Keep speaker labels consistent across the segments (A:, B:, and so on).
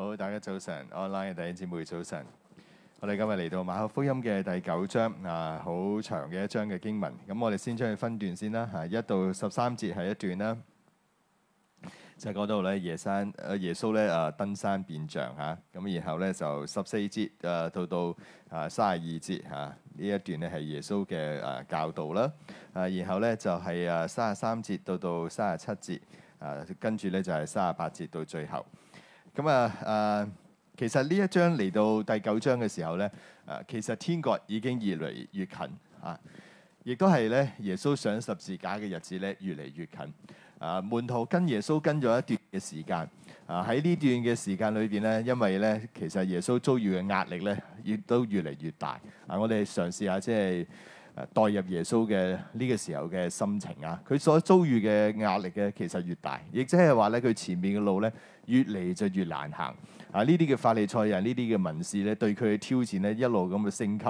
A: 好，大家早晨，online 嘅弟兄姊妹早晨。我哋今日嚟到馬可福音嘅第九章啊，好長嘅一章嘅經文。咁我哋先將佢分段先啦，吓、啊、一到十三節係一段啦，就講度咧，耶山、耶穌咧啊登山變像吓。咁、啊、然後咧就十四節啊到到啊三十二節吓呢一段咧係耶穌嘅啊教導啦。啊然後咧就係啊三十三節到到三十七節啊，跟住咧就係三十八節到最後。咁啊誒，其實呢一章嚟到第九章嘅時候咧，誒其實天國已經越嚟越近啊，亦都係咧耶穌上十字架嘅日子咧越嚟越近啊。門徒跟耶穌跟咗一段嘅時間啊，喺呢段嘅時間裏邊咧，因為咧其實耶穌遭遇嘅壓力咧，亦都越嚟越大啊。我哋嘗試下即係。誒代入耶穌嘅呢個時候嘅心情啊，佢所遭遇嘅壓力咧、啊，其實越大，亦即係話咧，佢前面嘅路咧越嚟就越難行啊！呢啲嘅法利賽人、呢啲嘅文士咧，對佢嘅挑戰咧，一路咁嘅升級，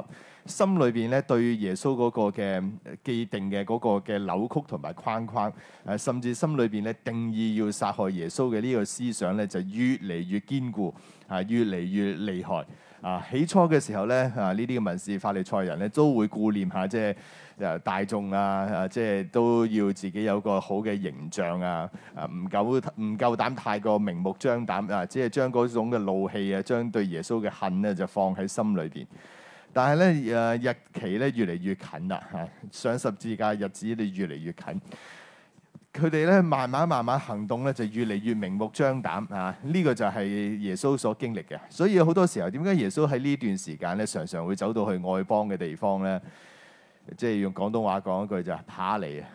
A: 心裏邊咧對耶穌嗰個嘅既定嘅嗰個嘅扭曲同埋框框，誒、啊、甚至心裏邊咧定義要殺害耶穌嘅呢個思想咧，就越嚟越堅固啊，越嚟越厲害。啊，起初嘅時候咧，啊文呢啲嘅文士法利賽人咧，都會顧念下即係誒大眾啊，啊即係都要自己有個好嘅形象啊，啊唔夠唔夠膽太過明目張膽啊，即係將嗰種嘅怒氣啊，將對耶穌嘅恨咧、啊、就放喺心裏邊。但係咧誒日期咧越嚟越近啦嚇、啊，上十字架日子你越嚟越近。佢哋咧慢慢慢慢行動咧，就越嚟越明目張膽啊！呢個就係耶穌所經歷嘅。所以好多時候，點解耶穌喺呢段時間咧，常常會走到去外邦嘅地方咧？即係用廣東話講一句就係怕你啊，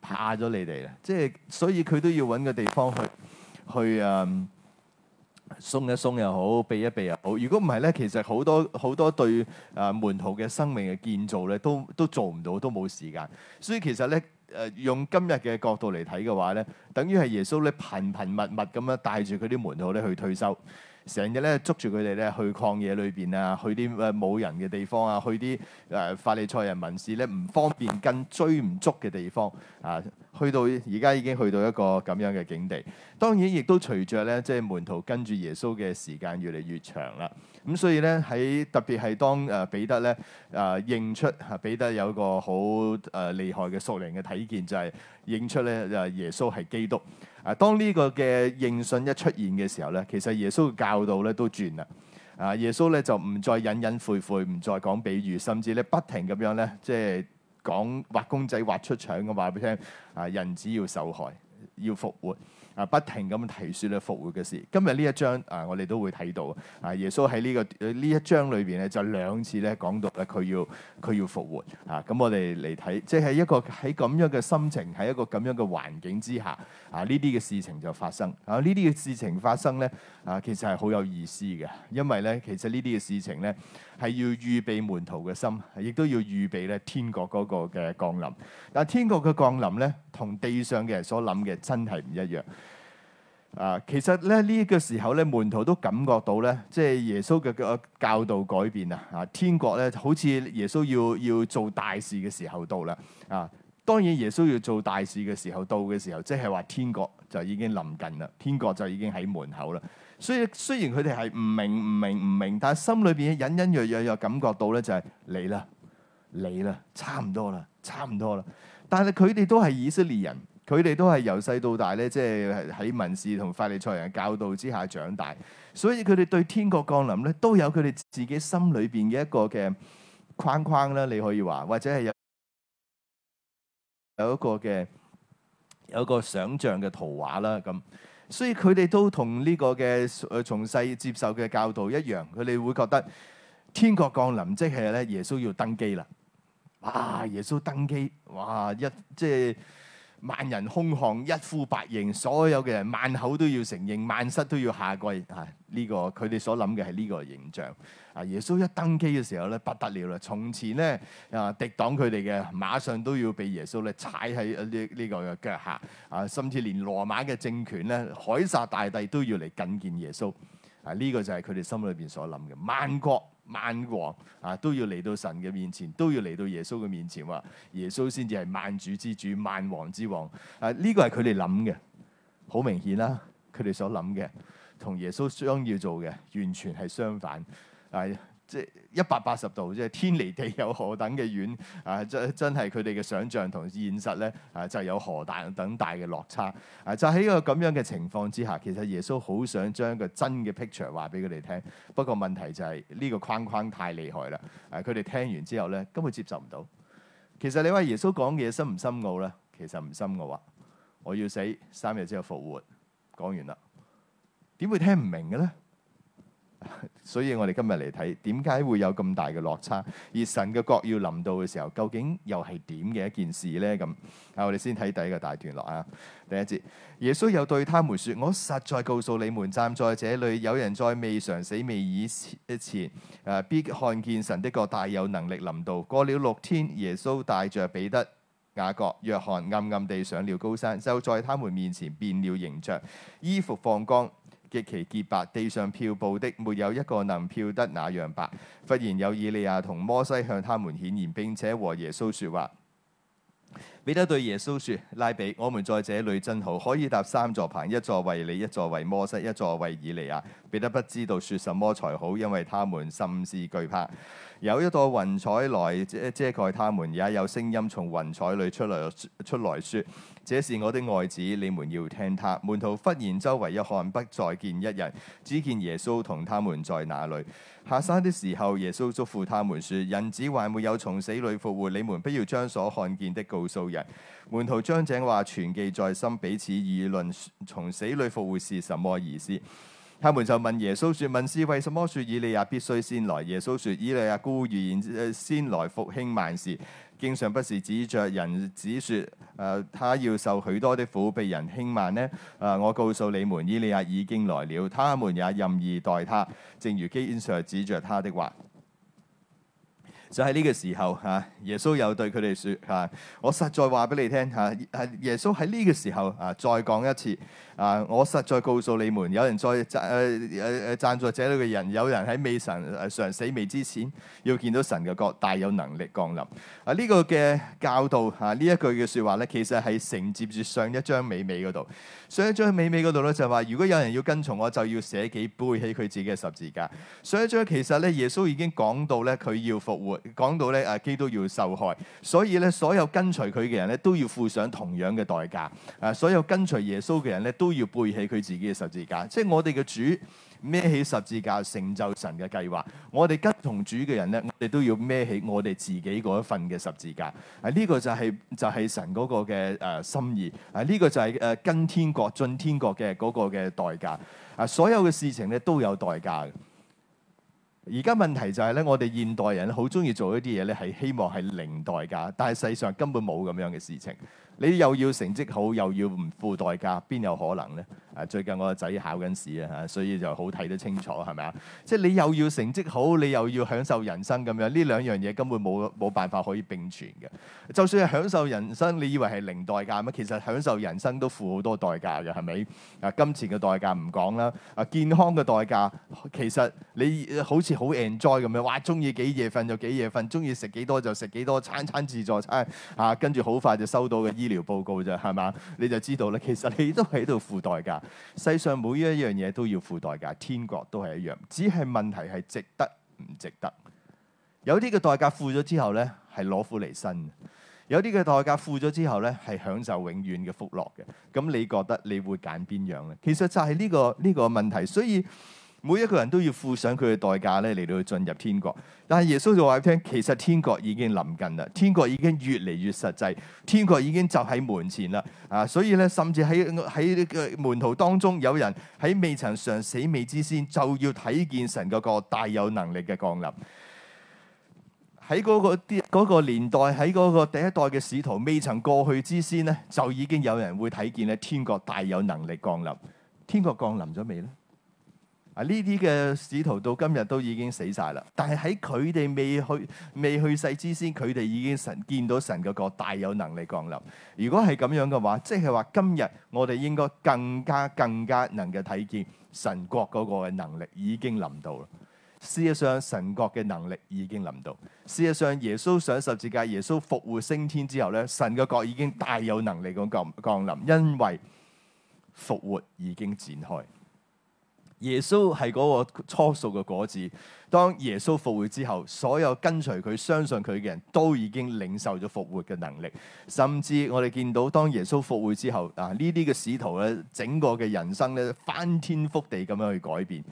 A: 怕咗你哋啦！即係所以佢都要搵個地方去去啊鬆一鬆又好，避一避又好。如果唔係咧，其實好多好多對啊門徒嘅生命嘅建造咧，都都做唔到，都冇時間。所以其實咧。誒用今日嘅角度嚟睇嘅話，咧，等於係耶穌咧頻頻密密咁樣帶住佢啲門徒咧去退修。成日咧捉住佢哋咧去曠野裏邊啊，去啲誒冇人嘅地方啊，去啲誒法利賽人民事咧唔方便跟追唔捉嘅地方啊，去到而家已經去到一個咁樣嘅境地。當然亦都隨着咧即係門徒跟住耶穌嘅時間越嚟越長啦。咁所以咧喺特別係當誒彼得咧誒認出啊彼得有個好誒厲害嘅屬靈嘅體見，就係、是、認出咧誒耶穌係基督。啊！當呢個嘅應訊一出現嘅時候咧，其實耶穌嘅教導咧都轉啦。啊！耶穌咧就唔再隱隱晦晦，唔再講比喻，甚至咧不停咁樣咧，即係講畫公仔畫出腸嘅話俾你聽。啊！人只要受害，要復活。啊！不停咁提説咧復活嘅事，今日呢一章啊，我哋都會睇到啊。耶穌喺呢個呢一章裏邊咧，就兩次咧講到咧佢要佢要復活啊。咁我哋嚟睇，即係一個喺咁樣嘅心情，喺一個咁樣嘅環境之下，啊呢啲嘅事情就發生啊。呢啲嘅事情發生咧啊，其實係好有意思嘅，因為咧其實呢啲嘅事情咧。係要預備門徒嘅心，亦都要預備咧天國嗰個嘅降臨。但係天國嘅降臨咧，同地上嘅人所諗嘅真係唔一樣。啊，其實咧呢個時候咧，門徒都感覺到咧，即係耶穌嘅教導改變啊！啊，天國咧好似耶穌要要做大事嘅時候到啦。啊，當然耶穌要做大事嘅時候到嘅時候，即係話天國就已經臨近啦，天國就已經喺門口啦。所以雖然佢哋係唔明唔明唔明，但係心裏邊隱隱約約又感覺到咧，就係嚟啦嚟啦，差唔多啦，差唔多啦。但係佢哋都係以色列人，佢哋都係由細到大咧，即係喺文士同法利賽人嘅教導之下長大，所以佢哋對天國降臨咧都有佢哋自己心裏邊嘅一個嘅框框啦。你可以話，或者係有有一個嘅有一個想像嘅圖畫啦咁。所以佢哋都同呢個嘅誒從細接受嘅教導一樣，佢哋會覺得天國降臨，即係咧耶穌要登基啦！啊，耶穌登基，哇一即係。萬人空巷，一呼百應，所有嘅人萬口都要承認，萬膝都要下跪啊！呢、哎這個佢哋所諗嘅係呢個形象啊！耶穌一登基嘅時候咧，不得了啦！從前咧啊，敵擋佢哋嘅馬上都要被耶穌咧踩喺呢呢個嘅腳下啊，甚至連羅馬嘅政權咧，凱撒大帝都要嚟覲見耶穌啊！呢、這個就係佢哋心裏邊所諗嘅萬國。萬王啊都要嚟到神嘅面前，都要嚟到耶穌嘅面前，話、啊、耶穌先至係萬主之主、萬王之王。啊，呢、呢個係佢哋諗嘅，好明顯啦、啊，佢哋所諗嘅同耶穌想要做嘅完全係相反。啊！即係一百八十度，即係天離地有何等嘅遠？啊，真真係佢哋嘅想像同現實咧，啊就有何大等大嘅落差。啊，就喺、是、呢個咁樣嘅情況之下，其實耶穌好想將一個真嘅 picture 話俾佢哋聽。不過問題就係呢個框框太厲害啦。啊，佢哋聽完之後咧，根本接受唔到。其實你話耶穌講嘅嘢深唔深奧咧？其實唔深奧啊，我要死三日之後復活，講完啦。點會聽唔明嘅咧？所以我哋今日嚟睇，點解會有咁大嘅落差？而神嘅國要臨到嘅時候，究竟又係點嘅一件事呢？咁，我哋先睇第一個大段落啊。第一節，耶穌又對他們說：我實在告訴你們，站在這裏，有人在未嘗死未以前，誒必看見神的國大有能力臨到。過了六天，耶穌帶著彼得、雅各、約翰，暗暗地上了高山，就在他們面前變了形象，衣服放光。極其潔白，地上漂布的沒有一個能漂得那樣白。忽然有以利亞同摩西向他們顯現，並且和耶穌說話。彼得對耶穌說：拉比，我們在這裏真好，可以搭三座棚，一座為你，一座為摩西，一座為以利亞。彼得不知道說什麼才好，因為他們甚是懼怕。有一朵雲彩來遮遮蓋他們，也有聲音從雲彩裏出來出來說。這是我的愛子，你們要聽他。門徒忽然周圍一看，不再見一人，只見耶穌同他們在那裏。下山的時候，耶穌囑咐他們，說：人子還沒有從死裏復活，你們不要將所看見的告訴人。門徒將這話傳記在心，彼此議論從死裏復活是什麼意思。他們就問耶穌說：文士為什麼說以利亞必須先來？耶穌說：以利亞固然先來復興萬事。經上不是指著人指說，指說誒他要受許多的苦，被人輕慢呢？誒、呃、我告訴你們，以利亞已經來了，他們也任意待他，正如經上所指著他的話。就喺呢個時候啊，耶穌有對佢哋說：啊，我實在話俾你聽吓，係、啊、耶穌喺呢個時候啊，再講一次啊，我實在告訴你們，有人在贊誒誒誒贊助者裏嘅人，有人喺未神誒常、呃、死未之前，要見到神嘅國大有能力降臨。啊，呢、這個嘅教導吓，呢、啊、一句嘅說話咧，其實係承接住上一章美美嗰度。上一章美美嗰度咧就話、是，如果有人要跟從我，就要捨己背起佢自己嘅十字架。上一章其實咧，耶穌已經講到咧，佢要復活。講到咧，阿基督要受害，所以咧，所有跟隨佢嘅人咧，都要付上同樣嘅代價。啊，所有跟隨耶穌嘅人咧，都要背起佢自己嘅十字架。即係我哋嘅主孭起十字架成就神嘅計劃，我哋跟同主嘅人咧，我哋都要孭起我哋自己嗰一份嘅十字架。啊，呢個就係就係神嗰個嘅誒心意。啊，呢個就係誒跟天國進天國嘅嗰個嘅代價。啊，所有嘅事情咧都有代價嘅。而家問題就係咧，我哋現代人好鍾意做一啲嘢咧，係希望係零代價，但係世上根本冇咁樣嘅事情。你又要成績好，又要唔付代價，邊有可能咧？啊，最近我個仔考緊試啊，所以就好睇得清楚，係咪啊？即係你又要成績好，你又要享受人生咁樣，呢兩樣嘢根本冇冇辦法可以並存嘅。就算係享受人生，你以為係零代價咩？其實享受人生都付好多代價嘅，係咪？啊，金錢嘅代價唔講啦，啊，健康嘅代價，其實你好似好 enjoy 咁樣，哇！中意幾夜瞓就幾夜瞓，中意食幾多就食幾多，餐餐自助餐，啊，跟住好快就收到嘅醫療報告啫，係嘛？你就知道啦。其實你都喺度付代價，世上每一樣嘢都要付代價，天國都係一樣。只係問題係值得唔值得？有啲嘅代價付咗之後咧，係攞苦嚟辛，有啲嘅代價付咗之後咧，係享受永遠嘅福樂嘅。咁你覺得你會揀邊樣咧？其實就係呢個呢個問題，所以。每一個人都要付上佢嘅代價咧，嚟到去進入天國，但係耶穌就話俾你聽，其實天國已經臨近啦，天國已經越嚟越實際，天國已經就喺門前啦啊！所以咧，甚至喺喺門徒當中，有人喺未曾嘗死味之先，就要睇見神嗰個大有能力嘅降臨。喺嗰、嗰個啲、嗰個年代，喺嗰個第一代嘅使徒未曾過去之先咧，就已經有人會睇見咧，天國大有能力降臨。天國降臨咗未咧？啊！呢啲嘅使徒到今日都已經死晒啦。但係喺佢哋未去未去世之先，佢哋已經神見到神個國大有能力降臨。如果係咁樣嘅話，即係話今日我哋應該更加更加能夠睇見神國嗰個嘅能力已經臨到啦。事實上神國嘅能力已經臨到。事實上耶穌上十字架、耶穌復活、升天之後咧，神嘅國已經大有能力咁降降臨，因為復活已經展開。耶穌係嗰個初熟嘅果子。當耶穌復活之後，所有跟隨佢、相信佢嘅人都已經領受咗復活嘅能力。甚至我哋見到當耶穌復活之後，啊呢啲嘅使徒咧，整個嘅人生咧，翻天覆地咁樣去改變。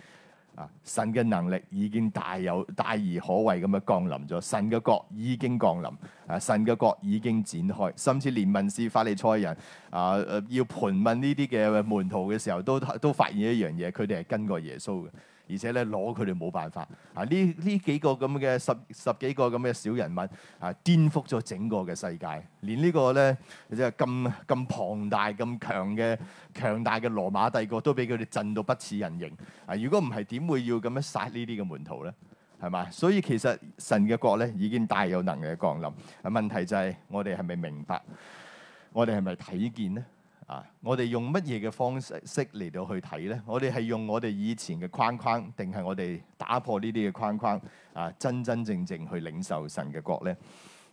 A: 啊！神嘅能力已經大有大而可畏咁樣降臨咗，神嘅國已經降臨，啊！神嘅國已經展開，甚至連文士法利賽人啊，呃、要盤問呢啲嘅門徒嘅時候，都都發現一樣嘢，佢哋係跟過耶穌嘅。而且咧攞佢哋冇辦法啊！呢呢幾個咁嘅十十幾個咁嘅小人物啊，顛覆咗整個嘅世界，連個呢個咧即係咁咁龐大、咁強嘅強大嘅羅馬帝國都俾佢哋震到不似人形啊！如果唔係，點會要咁樣殺呢啲嘅門徒咧？係嘛？所以其實神嘅國咧已經大有能力降臨啊！問題就係，我哋係咪明白？我哋係咪睇見呢？啊！我哋用乜嘢嘅方式嚟到去睇咧？我哋係用我哋以前嘅框框，定係我哋打破呢啲嘅框框啊？真真正正去領受神嘅國咧？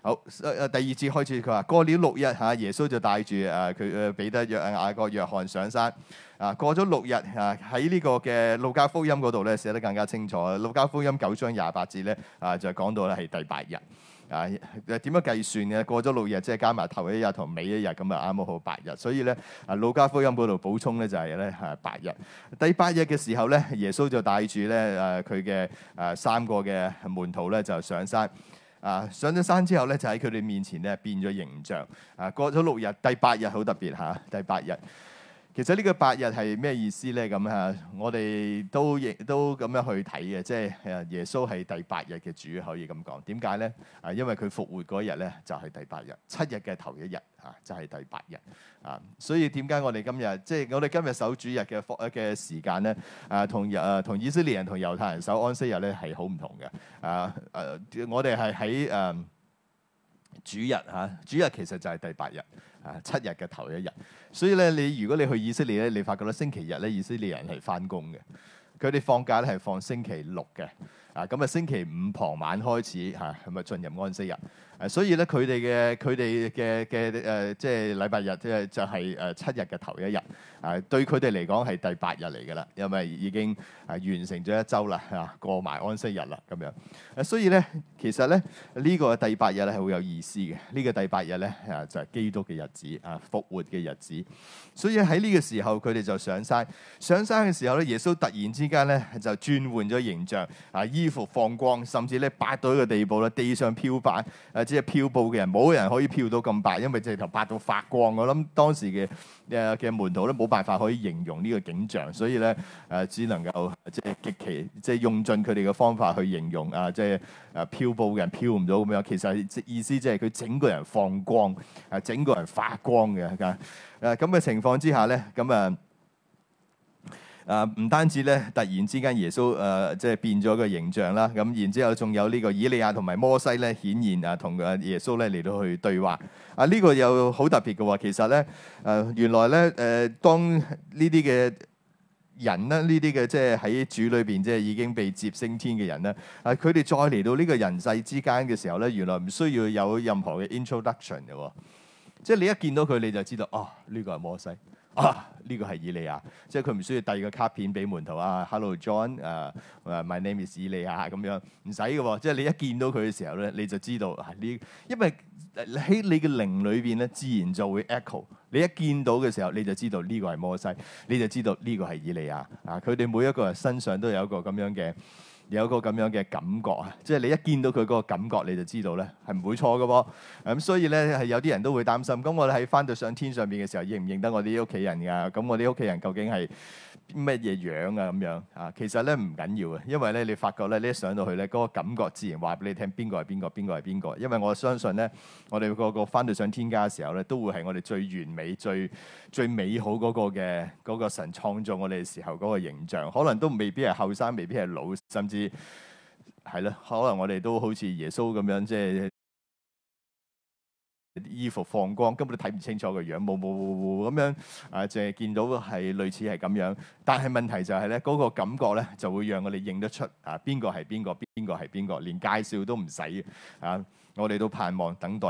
A: 好、啊，第二節開始，佢話過了六日嚇、啊，耶穌就帶住啊佢彼得約、約、啊、雅各、約翰上山啊。過咗六日啊，喺呢個嘅路加福音嗰度咧寫得更加清楚。路加福音九章廿八節咧啊，就講到咧係第八日。啊，點樣計算嘅？過咗六日，即係加埋頭一日同尾一日，咁啊啱啱好八日。所以咧，啊《路加福音》嗰度補充咧就係咧嚇八日。第八日嘅時候咧，耶穌就帶住咧誒佢嘅誒三個嘅門徒咧就上山。啊，上咗山之後咧，就喺佢哋面前咧變咗形象。啊，過咗六日，第八日好特別嚇、啊，第八日。其實呢個八日係咩意思咧？咁、嗯、啊，我哋都亦都咁樣去睇嘅，即、就、係、是、耶穌係第八日嘅主，可以咁講。點解咧？啊，因為佢復活嗰日咧就係、是、第八日，七日嘅頭一日啊，就係、是、第八日啊。所以點解我哋今日即係我哋今日守主日嘅嘅時間咧？啊，同啊同以色列人同猶太人守安息日咧係好唔同嘅啊。誒、啊，我哋係喺誒。啊主日吓，主日其實就係第八日嚇，七日嘅頭一日。所以咧，你如果你去以色列咧，你發覺咧星期日咧，以色列人係返工嘅，佢哋放假咧係放星期六嘅。啊咁啊星期五傍晚開始嚇，係、啊、咪進入安息日？啊，所以咧佢哋嘅佢哋嘅嘅誒，即係、呃就是、禮拜日即係就係誒七日嘅頭一日。啊，對佢哋嚟講係第八日嚟㗎啦，因為已經係完成咗一周啦，係、啊、嘛過埋安息日啦，咁樣。啊，所以咧其實咧呢、這個第八日咧係好有意思嘅。呢、這個第八日咧啊就係、是、基督嘅日子啊，復活嘅日子。所以喺呢個時候佢哋就上山，上山嘅時候咧耶穌突然之間咧就轉換咗形象啊！衣服放光，甚至咧白到一個地步咧，地上漂白，只、啊、係漂布嘅人，冇人可以漂到咁白，因為直頭白到發光。我諗當時嘅嘅嘅門徒都冇辦法可以形容呢個景象，所以咧誒、啊、只能夠即係極其即係用盡佢哋嘅方法去形容啊，即係誒漂布嘅人漂唔到咁樣。其實意思即係佢整個人放光，誒、啊、整個人發光嘅。誒咁嘅情況之下咧，咁啊。啊啊，唔單止咧，突然之間耶穌誒、呃、即係變咗個形象啦，咁、啊、然之後仲有呢個以利亞同埋摩西咧，顯現啊同啊耶穌咧嚟到去對話啊，呢、這個又好特別嘅喎。其實咧誒、呃、原來咧誒、呃、當呢啲嘅人咧，呢啲嘅即係喺主裏邊即係已經被接升天嘅人咧，啊佢哋再嚟到呢個人世之間嘅時候咧，原來唔需要有任何嘅 introduction 嘅喎、哦，即係你一見到佢你就知道哦，呢、這個係摩西。啊！呢、這個係以利亞，即係佢唔需要遞個卡片俾門徒啊。Hello, John。誒誒，My name is 以利亞咁樣，唔使嘅喎。即係你一見到佢嘅時候咧，你就知道係呢、啊這個，因為喺你嘅靈裏邊咧，自然就會 echo。你一見到嘅時候，你就知道呢個係摩西，你就知道呢個係以利亞。啊，佢哋每一個人身上都有一個咁樣嘅。有個咁樣嘅感覺啊，即係你一見到佢嗰個感覺，你就知道咧，係唔會錯嘅噃。咁、嗯、所以咧係有啲人都會擔心，咁我哋喺翻到上天上面嘅時候，認唔認得我啲屋企人㗎？咁我啲屋企人究竟係？乜嘢樣啊咁樣啊？其實咧唔緊要啊，因為咧你發覺咧，你一上到去咧，嗰個感覺自然話俾你聽，邊個係邊個，邊個係邊個。因為我相信咧，我哋個個翻到上天家嘅時候咧，都會係我哋最完美、最最美好嗰個嘅嗰個神創造我哋嘅時候嗰個形象。可能都未必係後生，未必係老，甚至係啦，可能我哋都好似耶穌咁樣，即係。衣服放光，根本都睇唔清楚個樣，霧霧霧霧咁樣啊，淨係見到係類似係咁樣。但係問題就係咧，嗰個感覺咧就會讓我哋認得出啊，邊個係邊個，邊個係邊個，連介紹都唔使啊，我哋都盼望等待。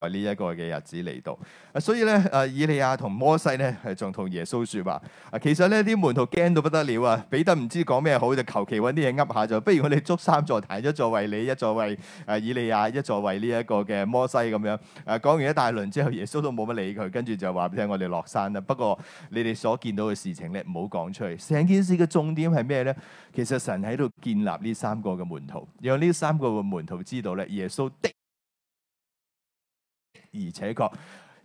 A: 喺呢一個嘅日子嚟到，啊，所以咧，啊，以利亞同摩西咧，係仲同耶穌說話。啊，其實呢啲門徒驚到不得了啊，彼得唔知講咩好，就求其揾啲嘢噏下就，就不如我哋捉三座壇，一座為你，一座為啊以利亞，一座為呢一個嘅摩西咁樣。啊，講完一大輪之後，耶穌都冇乜理佢，跟住就話俾聽我哋落山啦。不過你哋所見到嘅事情咧，唔好講出去。成件事嘅重點係咩咧？其實神喺度建立呢三個嘅門徒，讓呢三個嘅門徒知道咧，耶穌的。而且確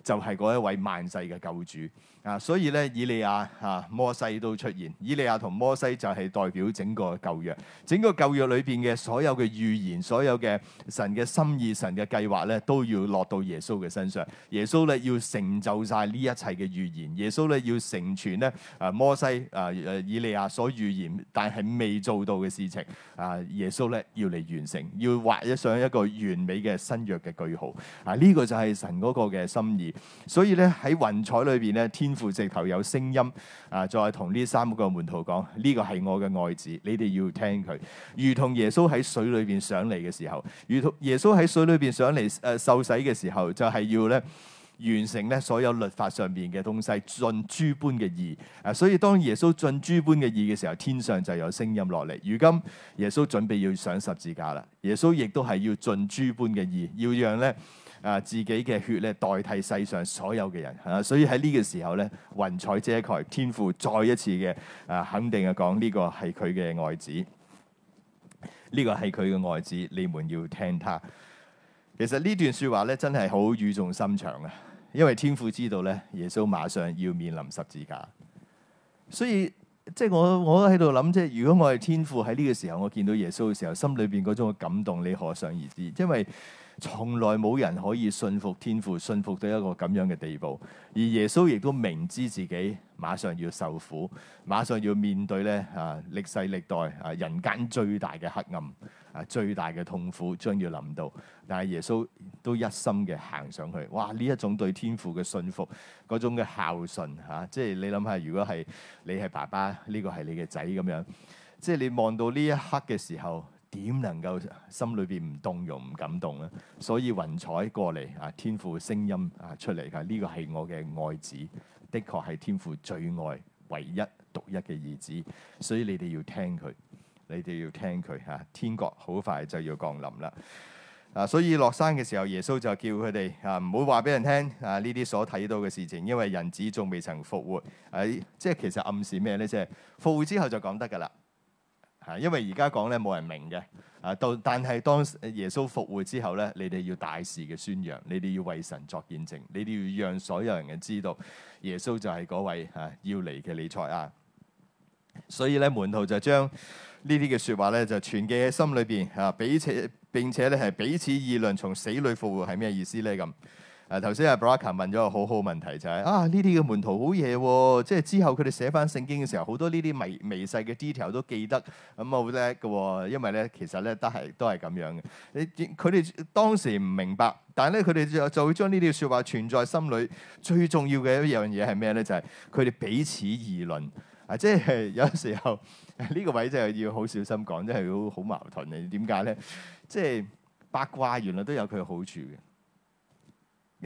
A: 就係嗰一位萬世嘅救主。啊，所以咧，以利亞、哈、啊、摩西都出現。以利亞同摩西就係代表整個舊約，整個舊約裏邊嘅所有嘅預言，所有嘅神嘅心意、神嘅計劃咧，都要落到耶穌嘅身上。耶穌咧要成就晒呢一切嘅預言，耶穌咧要成全咧啊摩西啊、以利亞所預言但係未做到嘅事情。啊，耶穌咧要嚟完成，要畫一上一個完美嘅新約嘅句號。啊，呢、這個就係神嗰個嘅心意。所以咧喺雲彩裏邊咧天。附直頭有聲音啊，再同呢三個門徒講：呢、這個係我嘅愛子，你哋要聽佢。如同耶穌喺水裏邊上嚟嘅時候，如同耶穌喺水裏邊上嚟誒、呃、受洗嘅時候，就係、是、要咧完成咧所有律法上邊嘅東西，盡諸般嘅義。啊，所以當耶穌盡諸般嘅義嘅時候，天上就有聲音落嚟。如今耶穌準備要上十字架啦，耶穌亦都係要盡諸般嘅義，要讓咧。啊！自己嘅血咧，代替世上所有嘅人啊！所以喺呢個時候咧，雲彩遮蓋天父再一次嘅啊，肯定係講呢個係佢嘅愛子，呢個係佢嘅愛子，你們要聽他。其實呢段説話咧，真係好語重心長啊！因為天父知道咧，耶穌馬上要面臨十字架，所以即係我我喺度諗，即係如果我係天父喺呢個時候，我見到耶穌嘅時候，心裏邊嗰種嘅感動，你可想而知，因為。從來冇人可以信服天父，信服到一個咁樣嘅地步。而耶穌亦都明知自己馬上要受苦，馬上要面對咧，啊歷世歷代啊人間最大嘅黑暗啊，最大嘅痛苦將要臨到。但係耶穌都一心嘅行上去。哇！呢一種對天父嘅信服，嗰種嘅孝順嚇、啊，即係你諗下，如果係你係爸爸，呢、呢個係你嘅仔咁樣，即係你望到呢一刻嘅時候。點能夠心裏邊唔動容唔感動咧？所以雲彩過嚟啊，天父聲音啊出嚟㗎，呢個係我嘅愛子，的確係天父最愛、唯一、獨一嘅兒子。所以你哋要聽佢，你哋要聽佢嚇。天國好快就要降臨啦。啊，所以落山嘅時候，耶穌就叫佢哋嚇，唔好話俾人聽啊呢啲所睇到嘅事情，因為人子仲未曾復活。誒即係其實暗示咩咧？即係復活之後就講得㗎啦。啊！因為而家講咧冇人明嘅啊，到但係當耶穌復活之後咧，你哋要大肆嘅宣揚，你哋要為神作見證，你哋要讓所有人嘅知道耶穌就係嗰位啊要嚟嘅理財啊！所以咧門徒就將呢啲嘅説話咧就存記喺心裏邊啊，彼此並且咧係彼此議論從死裏復活係咩意思咧咁。誒頭先阿 Bracher 問咗個好好問題就係、是、啊呢啲嘅門徒好嘢喎，即係之後佢哋寫翻聖經嘅時候，好多呢啲微微細嘅 detail 都記得，咁啊好叻嘅喎。因為咧其實咧都係都係咁樣嘅。你佢哋當時唔明白，但係咧佢哋就就會將呢啲説話存在心裏。最重要嘅一樣嘢係咩咧？就係佢哋彼此議論。啊，即係有時候呢、啊呢個位真係要好小心講，真係好好矛盾嘅。點解咧？即係八卦原來都有佢嘅好處嘅。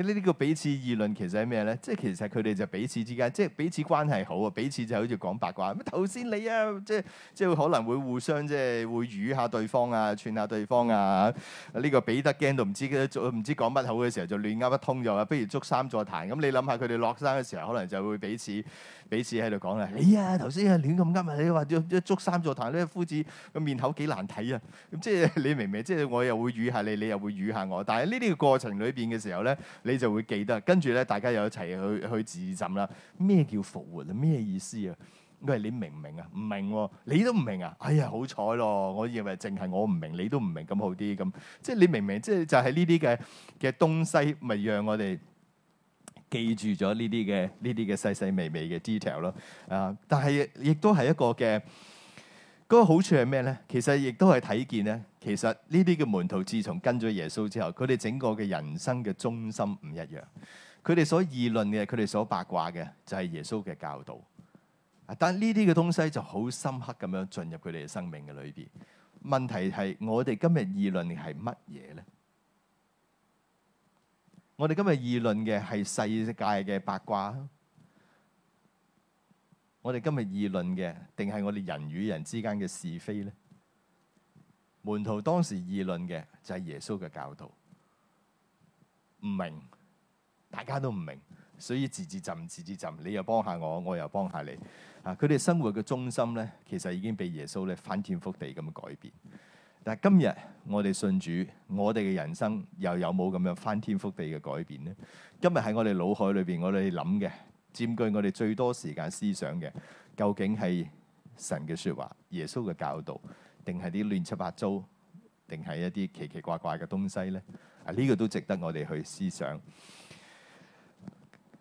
A: 呢呢個彼此議論其實係咩咧？即係其實佢哋就彼此之間，即係彼此關係好啊！彼此就好似講八卦，咁頭先你啊，即係即係可能會互相即係會語下對方啊，串下對方啊。呢、這個彼得驚到唔知，唔知講乜好嘅時候就亂噏不通就話，不如捉三座壇。咁你諗下佢哋落山嘅時候，可能就會彼此。彼此喺度講啦！你啊頭先啊亂咁噏啊！你話捉捉三座塔呢？夫子個面口幾難睇啊！咁即係你明唔明？即係我又會語下你，你又會語下我。但係呢啲嘅過程裏邊嘅時候咧，你就會記得。跟住咧，大家又一齊去去自診啦。咩叫復活啊？咩意思啊？佢話你明唔明啊？唔明喎、啊，你都唔明啊？哎呀，好彩咯！我認為淨係我唔明，明，明，明，你都唔明咁好啲咁。即係你明唔明？即係就係呢啲嘅嘅東西，咪讓我哋。記住咗呢啲嘅呢啲嘅細細微微嘅 detail 咯，啊！但係亦都係一個嘅嗰個好處係咩咧？其實亦都係睇見咧，其實呢啲嘅門徒自從跟咗耶穌之後，佢哋整個嘅人生嘅中心唔一樣。佢哋所議論嘅，佢哋所八卦嘅，就係耶穌嘅教導。啊，但係呢啲嘅東西就好深刻咁樣進入佢哋嘅生命嘅裏邊。問題係我哋今日議論嘅係乜嘢咧？我哋今日議論嘅係世界嘅八卦，我哋今日議論嘅，定係我哋人與人之間嘅是非呢？門徒當時議論嘅就係耶穌嘅教導，唔明，大家都唔明，所以自自浸自自浸，你又幫下我，我又幫下你。啊，佢哋生活嘅中心呢，其實已經被耶穌咧翻天覆地咁改變。但今日我哋信主，我哋嘅人生又有冇咁樣翻天覆地嘅改變呢？今日喺我哋腦海裏邊，我哋諗嘅佔據我哋最多時間思想嘅，究竟係神嘅說話，耶穌嘅教導定係啲亂七八糟，定係一啲奇奇怪怪嘅東西呢？啊，呢個都值得我哋去思想。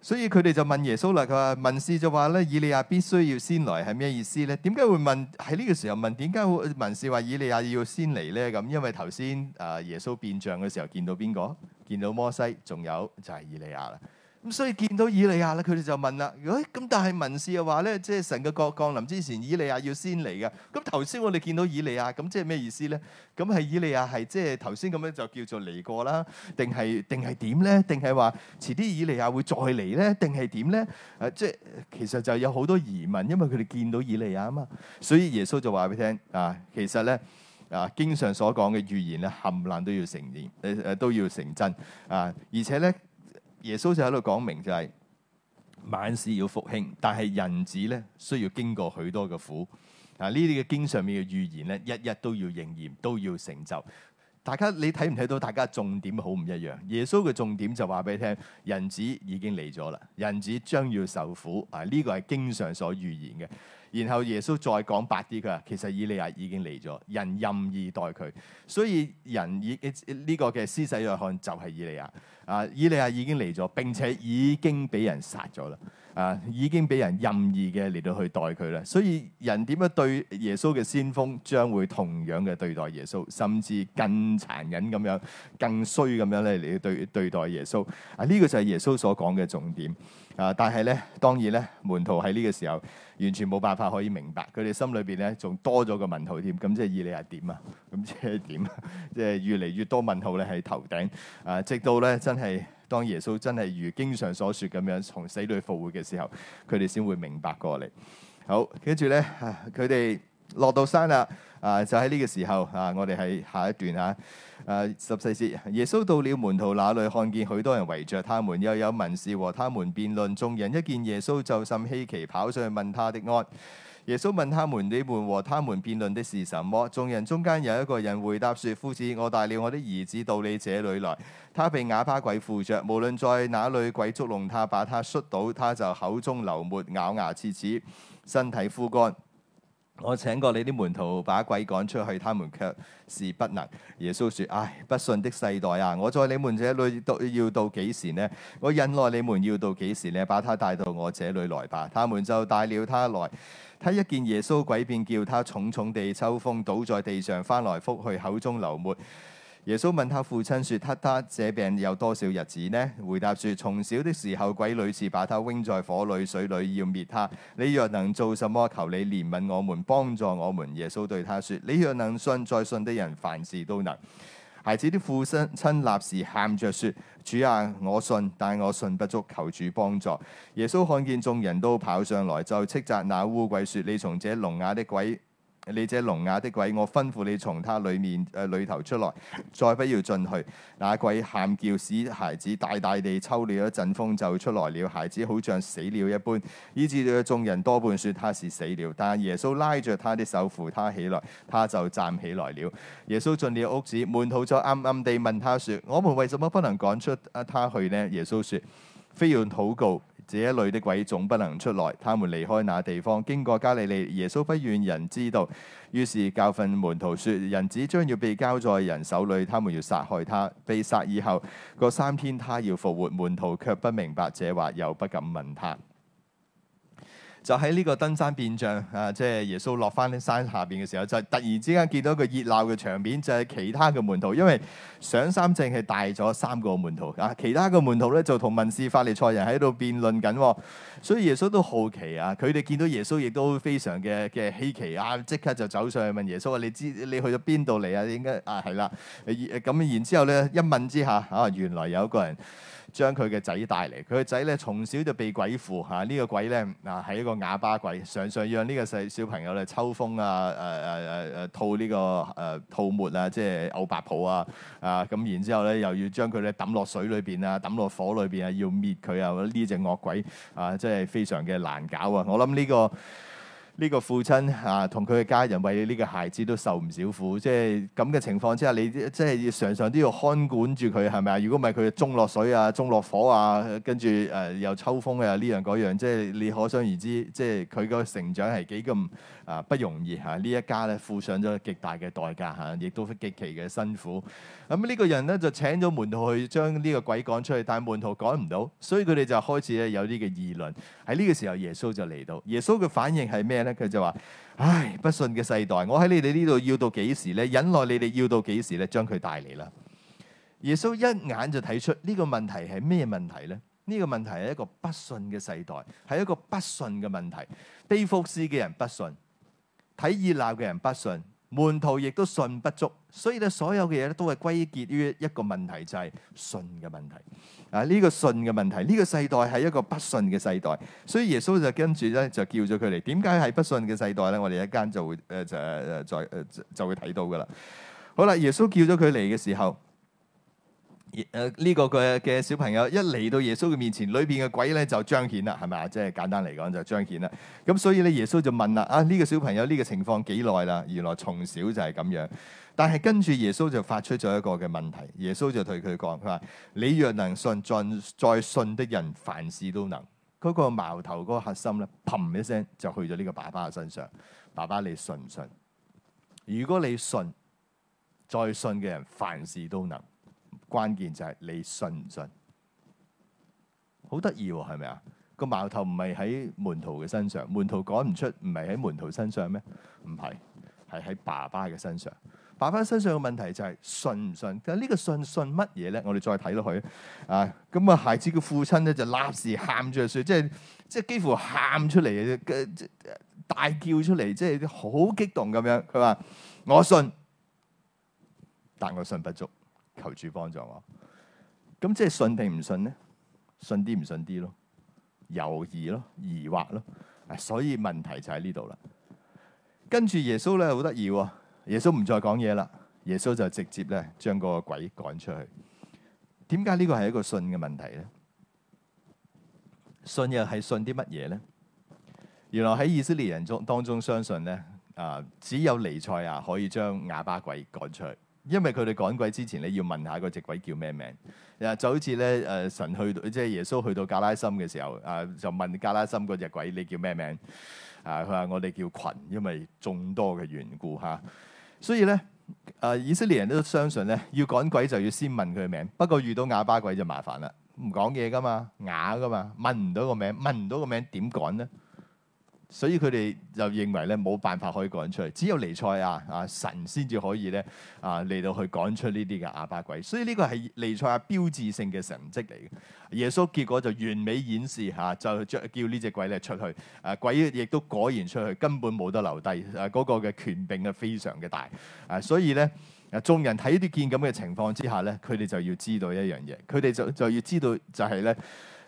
A: 所以佢哋就問耶穌啦，佢話文士就話咧，以利亞必須要先來係咩意思咧？點解會問，喺呢個時候問？點解會文士話以利亞要先嚟咧？咁因為頭先啊耶穌變像嘅時候見到邊個？見到摩西，仲有就係以利亞啦。咁所以見到以利亞啦，佢哋就問啦，誒、哎、咁，但係文士又話咧，即、就、係、是、神嘅國降臨之前，以利亞要先嚟嘅。咁頭先我哋見到以利亞，咁即係咩意思咧？咁係以利亞係即係頭先咁樣就叫做嚟過啦，定係定係點咧？定係話遲啲以利亞會再嚟咧？定係點咧？誒、啊，即係其實就有好多疑問，因為佢哋見到以利亞啊嘛，所以耶穌就話俾你聽啊，其實咧啊，經常所講嘅預言咧，冚唪唥都要成年誒誒，都要成真啊，而且咧。耶穌就喺度講明就係、是、萬事要復興，但係人子咧需要經過許多嘅苦。啊，呢啲嘅經上面嘅預言咧，一一都要應驗，都要成就。大家你睇唔睇到？大家重點好唔一樣。耶穌嘅重點就話俾你聽，人子已經嚟咗啦，人子將要受苦。啊，呢、這個係經上所預言嘅。然後耶穌再講白啲，佢話其實以利亞已經嚟咗，人任意待佢，所以人以呢、這個嘅施洗約翰就係以利亞，啊，以利亞已經嚟咗並且已經俾人殺咗啦。啊，已經俾人任意嘅嚟到去待佢啦，所以人點樣對耶穌嘅先鋒，將會同樣嘅對待耶穌，甚至更殘忍咁樣，更衰咁樣咧嚟到對對待耶穌。啊，呢個就係耶穌所講嘅重點。啊，但係咧，當然咧，門徒喺呢個時候完全冇辦法可以明白，佢哋心裏邊咧仲多咗個問號添。咁即係以你係點啊？咁即係點啊？即係越嚟越多問號咧喺頭頂。啊，直到咧真係。當耶穌真係如經常所說咁樣從死裏復活嘅時候，佢哋先會明白過嚟。好，跟住咧，佢哋落到山啦，啊，就喺呢個時候啊，我哋係下一段嚇，啊，十四節，耶穌到了門徒那裏，看見許多人圍着他們，又有文士和他們辯論。眾人一見耶穌就甚稀奇，跑上去問他的安。耶穌問他們：你們和他們辯論的是什麼？眾人中間有一個人回答說：夫子，我帶了我的兒子到你這裏來，他被啞巴鬼附著，無論在哪裏鬼捉弄他，把他摔倒，他就口中流沫、咬牙切齒、身體枯乾。我請過你的門徒把鬼趕出去，他們卻是不能。耶穌說：唉，不信的世代啊，我在你們這裏要到幾時呢？我忍耐你們要到幾時呢？把他帶到我這裏來吧。他們就帶了他來。他一見耶穌，鬼便叫他重重地抽風，倒在地上翻來覆去，口中流沫。耶穌問他父親說：他他這病有多少日子呢？回答說：從小的時候鬼屢次把他扔在火裏、水裏，要滅他。你若能做什麼，求你憐憫我們，幫助我們。耶穌對他說：你若能信，再信的人凡事都能。孩子的父親，親立時喊着說：「主啊，我信，但我信不足，求主幫助。耶穌看見眾人都跑上來，就斥責那污鬼說：「你從這聾啞的鬼。你這聾啞的鬼，我吩咐你從他裏面誒裏、呃、頭出來，再不要進去。那鬼喊叫，使孩子大大地抽了一陣風，就出來了。孩子好像死了一般，以致於眾人多半說他是死了。但耶穌拉著他的手扶他起來，他就站起來了。耶穌進了屋子，門徒就暗暗地問他說：我們為什麼不能趕出他去呢？耶穌說：非要禱告。這一類的鬼總不能出來，他們離開那地方，經過加利利。耶穌不願人知道，於是教訓門徒說：人子將要被交在人手裏，他們要殺害他。被殺以後，過三天他要復活。門徒卻不明白這話，又不敢問他。就喺呢個登山變像啊，即、就、係、是、耶穌落翻啲山下邊嘅時候，就突然之間見到一個熱鬧嘅場面，就係、是、其他嘅門徒，因為上山淨係帶咗三個門徒啊，其他嘅門徒咧就同文士法利賽人喺度辯論緊，所以耶穌都好奇啊，佢哋見到耶穌亦都非常嘅嘅稀奇啊，即刻就走上去問耶穌話、啊：你知你去咗邊度嚟啊？應該啊，係啦，咁、啊、然之後咧一問之下啊，原來有個人。將佢嘅仔帶嚟，佢嘅仔咧從小就被鬼附嚇，呢個鬼咧嗱係一個啞巴鬼，常常讓呢個細小朋友咧抽風啊，誒誒誒誒吐呢個誒吐沫啊，即係嘔白泡啊，啊咁然之後咧又要將佢咧抌落水裏邊啊，抌落火裏邊啊，要滅佢啊，呢隻惡鬼啊，真係非常嘅難搞啊！我諗呢個。呢個父親啊，同佢嘅家人為呢個孩子都受唔少苦，即係咁嘅情況之下，你即係要常常都要看管住佢，係咪啊？如果唔係佢中落水啊，中落火啊，跟住誒、啊、又抽風啊，呢樣嗰樣，即係你可想而知，即係佢個成長係幾咁啊不容易嚇。呢、啊、一家咧付上咗極大嘅代價嚇，亦、啊、都極其嘅辛苦。咁、啊、呢、呢個人咧就請咗門徒去將呢個鬼趕出去，但係門徒趕唔到，所以佢哋就開始咧有啲嘅議論。喺呢個時候，耶穌就嚟到，耶穌嘅反應係咩咧？佢就話，唉，不信嘅世代，我喺你哋呢度要到幾時咧？忍耐你哋要到幾時咧？將佢帶嚟啦！耶穌一眼就睇出呢個問題係咩問題咧？呢、這個問題係一個不信嘅世代，係一個不信嘅問題。被服侍嘅人不信，睇熱鬧嘅人不信。門徒亦都信不足，所以咧，所有嘅嘢咧都係歸結於一個問題，就係、是、信嘅問題。啊，呢、這個信嘅問題，呢、這個世代係一個不信嘅世代，所以耶穌就跟住咧就叫咗佢嚟。點解係不信嘅世代咧？我哋一間就會誒誒誒，再誒就會睇、呃呃呃、到噶啦。好啦，耶穌叫咗佢嚟嘅時候。誒呢個嘅嘅小朋友一嚟到耶穌嘅面前，裏邊嘅鬼咧就彰顯啦，係咪啊？即係簡單嚟講就彰顯啦。咁所以咧，耶穌就問啦，啊呢個小朋友呢個情況幾耐啦？原來從小就係咁樣。但係跟住耶穌就發出咗一個嘅問題。耶穌就對佢講，佢話你若能信，在在信的人凡事都能。嗰個矛頭嗰個核心咧，砰一聲就去咗呢個爸爸嘅身上。爸爸你信唔信？如果你信，在信嘅人凡事都能。關鍵就係你信唔信？好得意喎，係咪啊？個矛頭唔係喺門徒嘅身上，門徒趕唔出，唔係喺門徒身上咩？唔係，係喺爸爸嘅身上。爸爸身上嘅問題就係信唔信？但呢個信信乜嘢咧？我哋再睇落去啊！咁啊，孩子嘅父親咧就立時喊住說，即係即係幾乎喊出嚟嘅，大叫出嚟，即係好激動咁樣。佢話我信，但我信不足。求主幫助我，咁即係信定唔信呢？信啲唔信啲咯？猶豫咯，疑惑咯，所以問題就喺呢度啦。跟住耶穌咧好得意喎，耶穌唔再講嘢啦，耶穌就直接咧將個鬼趕出去。點解呢個係一個信嘅問題咧？信又係信啲乜嘢咧？原來喺以色列人中當中相信咧，啊、呃，只有尼賽亞可以將啞巴鬼趕出去。因為佢哋趕鬼之前，你要問下嗰隻鬼叫咩名，就好似咧誒神去到，即係耶穌去到格拉森嘅時候啊，就問格拉森嗰隻鬼你叫咩名啊？佢話我哋叫群，因為眾多嘅緣故嚇。所以咧誒以色列人都相信咧要趕鬼就要先問佢嘅名。不過遇到啞巴鬼就麻煩啦，唔講嘢噶嘛，啞噶嘛，問唔到個名，問唔到個名點趕咧？所以佢哋就認為咧冇辦法可以趕出去，只有尼賽亞啊神先至可以咧啊嚟到去趕出呢啲嘅啞巴鬼。所以呢個係尼賽亞標誌性嘅神跡嚟嘅。耶穌結果就完美演示嚇、啊，就叫呢隻鬼咧出去。啊鬼亦都果然出去，根本冇得留低。誒、啊、嗰、那個嘅權柄啊非常嘅大。誒、啊、所以咧誒眾人睇到見咁嘅情況之下咧，佢哋就要知道一樣嘢，佢哋就就要知道就係咧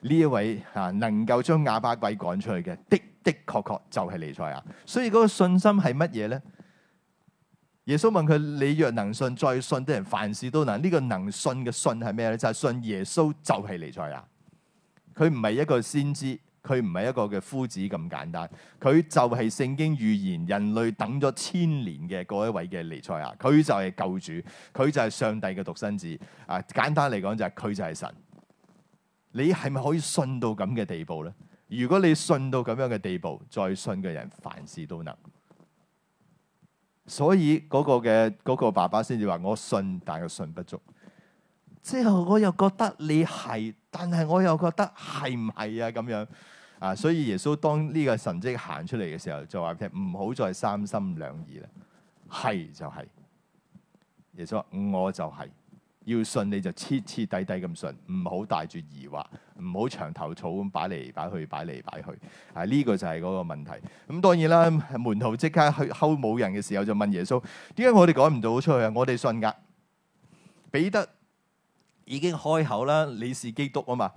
A: 呢一位啊能夠將啞巴鬼趕出去嘅的。的確確就係彌賽亞，所以嗰個信心係乜嘢咧？耶穌問佢，你若能信，在信啲人，凡事都能。呢、這個能信嘅信係咩咧？就係、是、信耶穌就係彌賽亞。佢唔係一個先知，佢唔係一個嘅夫子咁簡單，佢就係聖經預言人類等咗千年嘅嗰一位嘅彌賽亞。佢就係救主，佢就係上帝嘅獨生子啊！簡單嚟講就係、是、佢就係神。你係咪可以信到咁嘅地步咧？如果你信到咁樣嘅地步，再信嘅人凡事都能。所以嗰、那個嘅嗰、那個爸爸先至話：我信，但係信不足。之後我又覺得你係，但係我又覺得係唔係啊？咁樣啊？所以耶穌當呢個神蹟行出嚟嘅時候，就話：佢唔好再三心兩意啦。係就係、是、耶穌話，我就係、是。要信你就徹徹底底咁信，唔好帶住疑惑，唔好牆頭草咁擺嚟擺去，擺嚟擺去。啊，呢、這個就係嗰個問題。咁、啊、當然啦，門徒即刻去睺冇人嘅時候就問耶穌：點解我哋趕唔到出去啊？我哋信噶。彼得已經開口啦，你是基督啊嘛。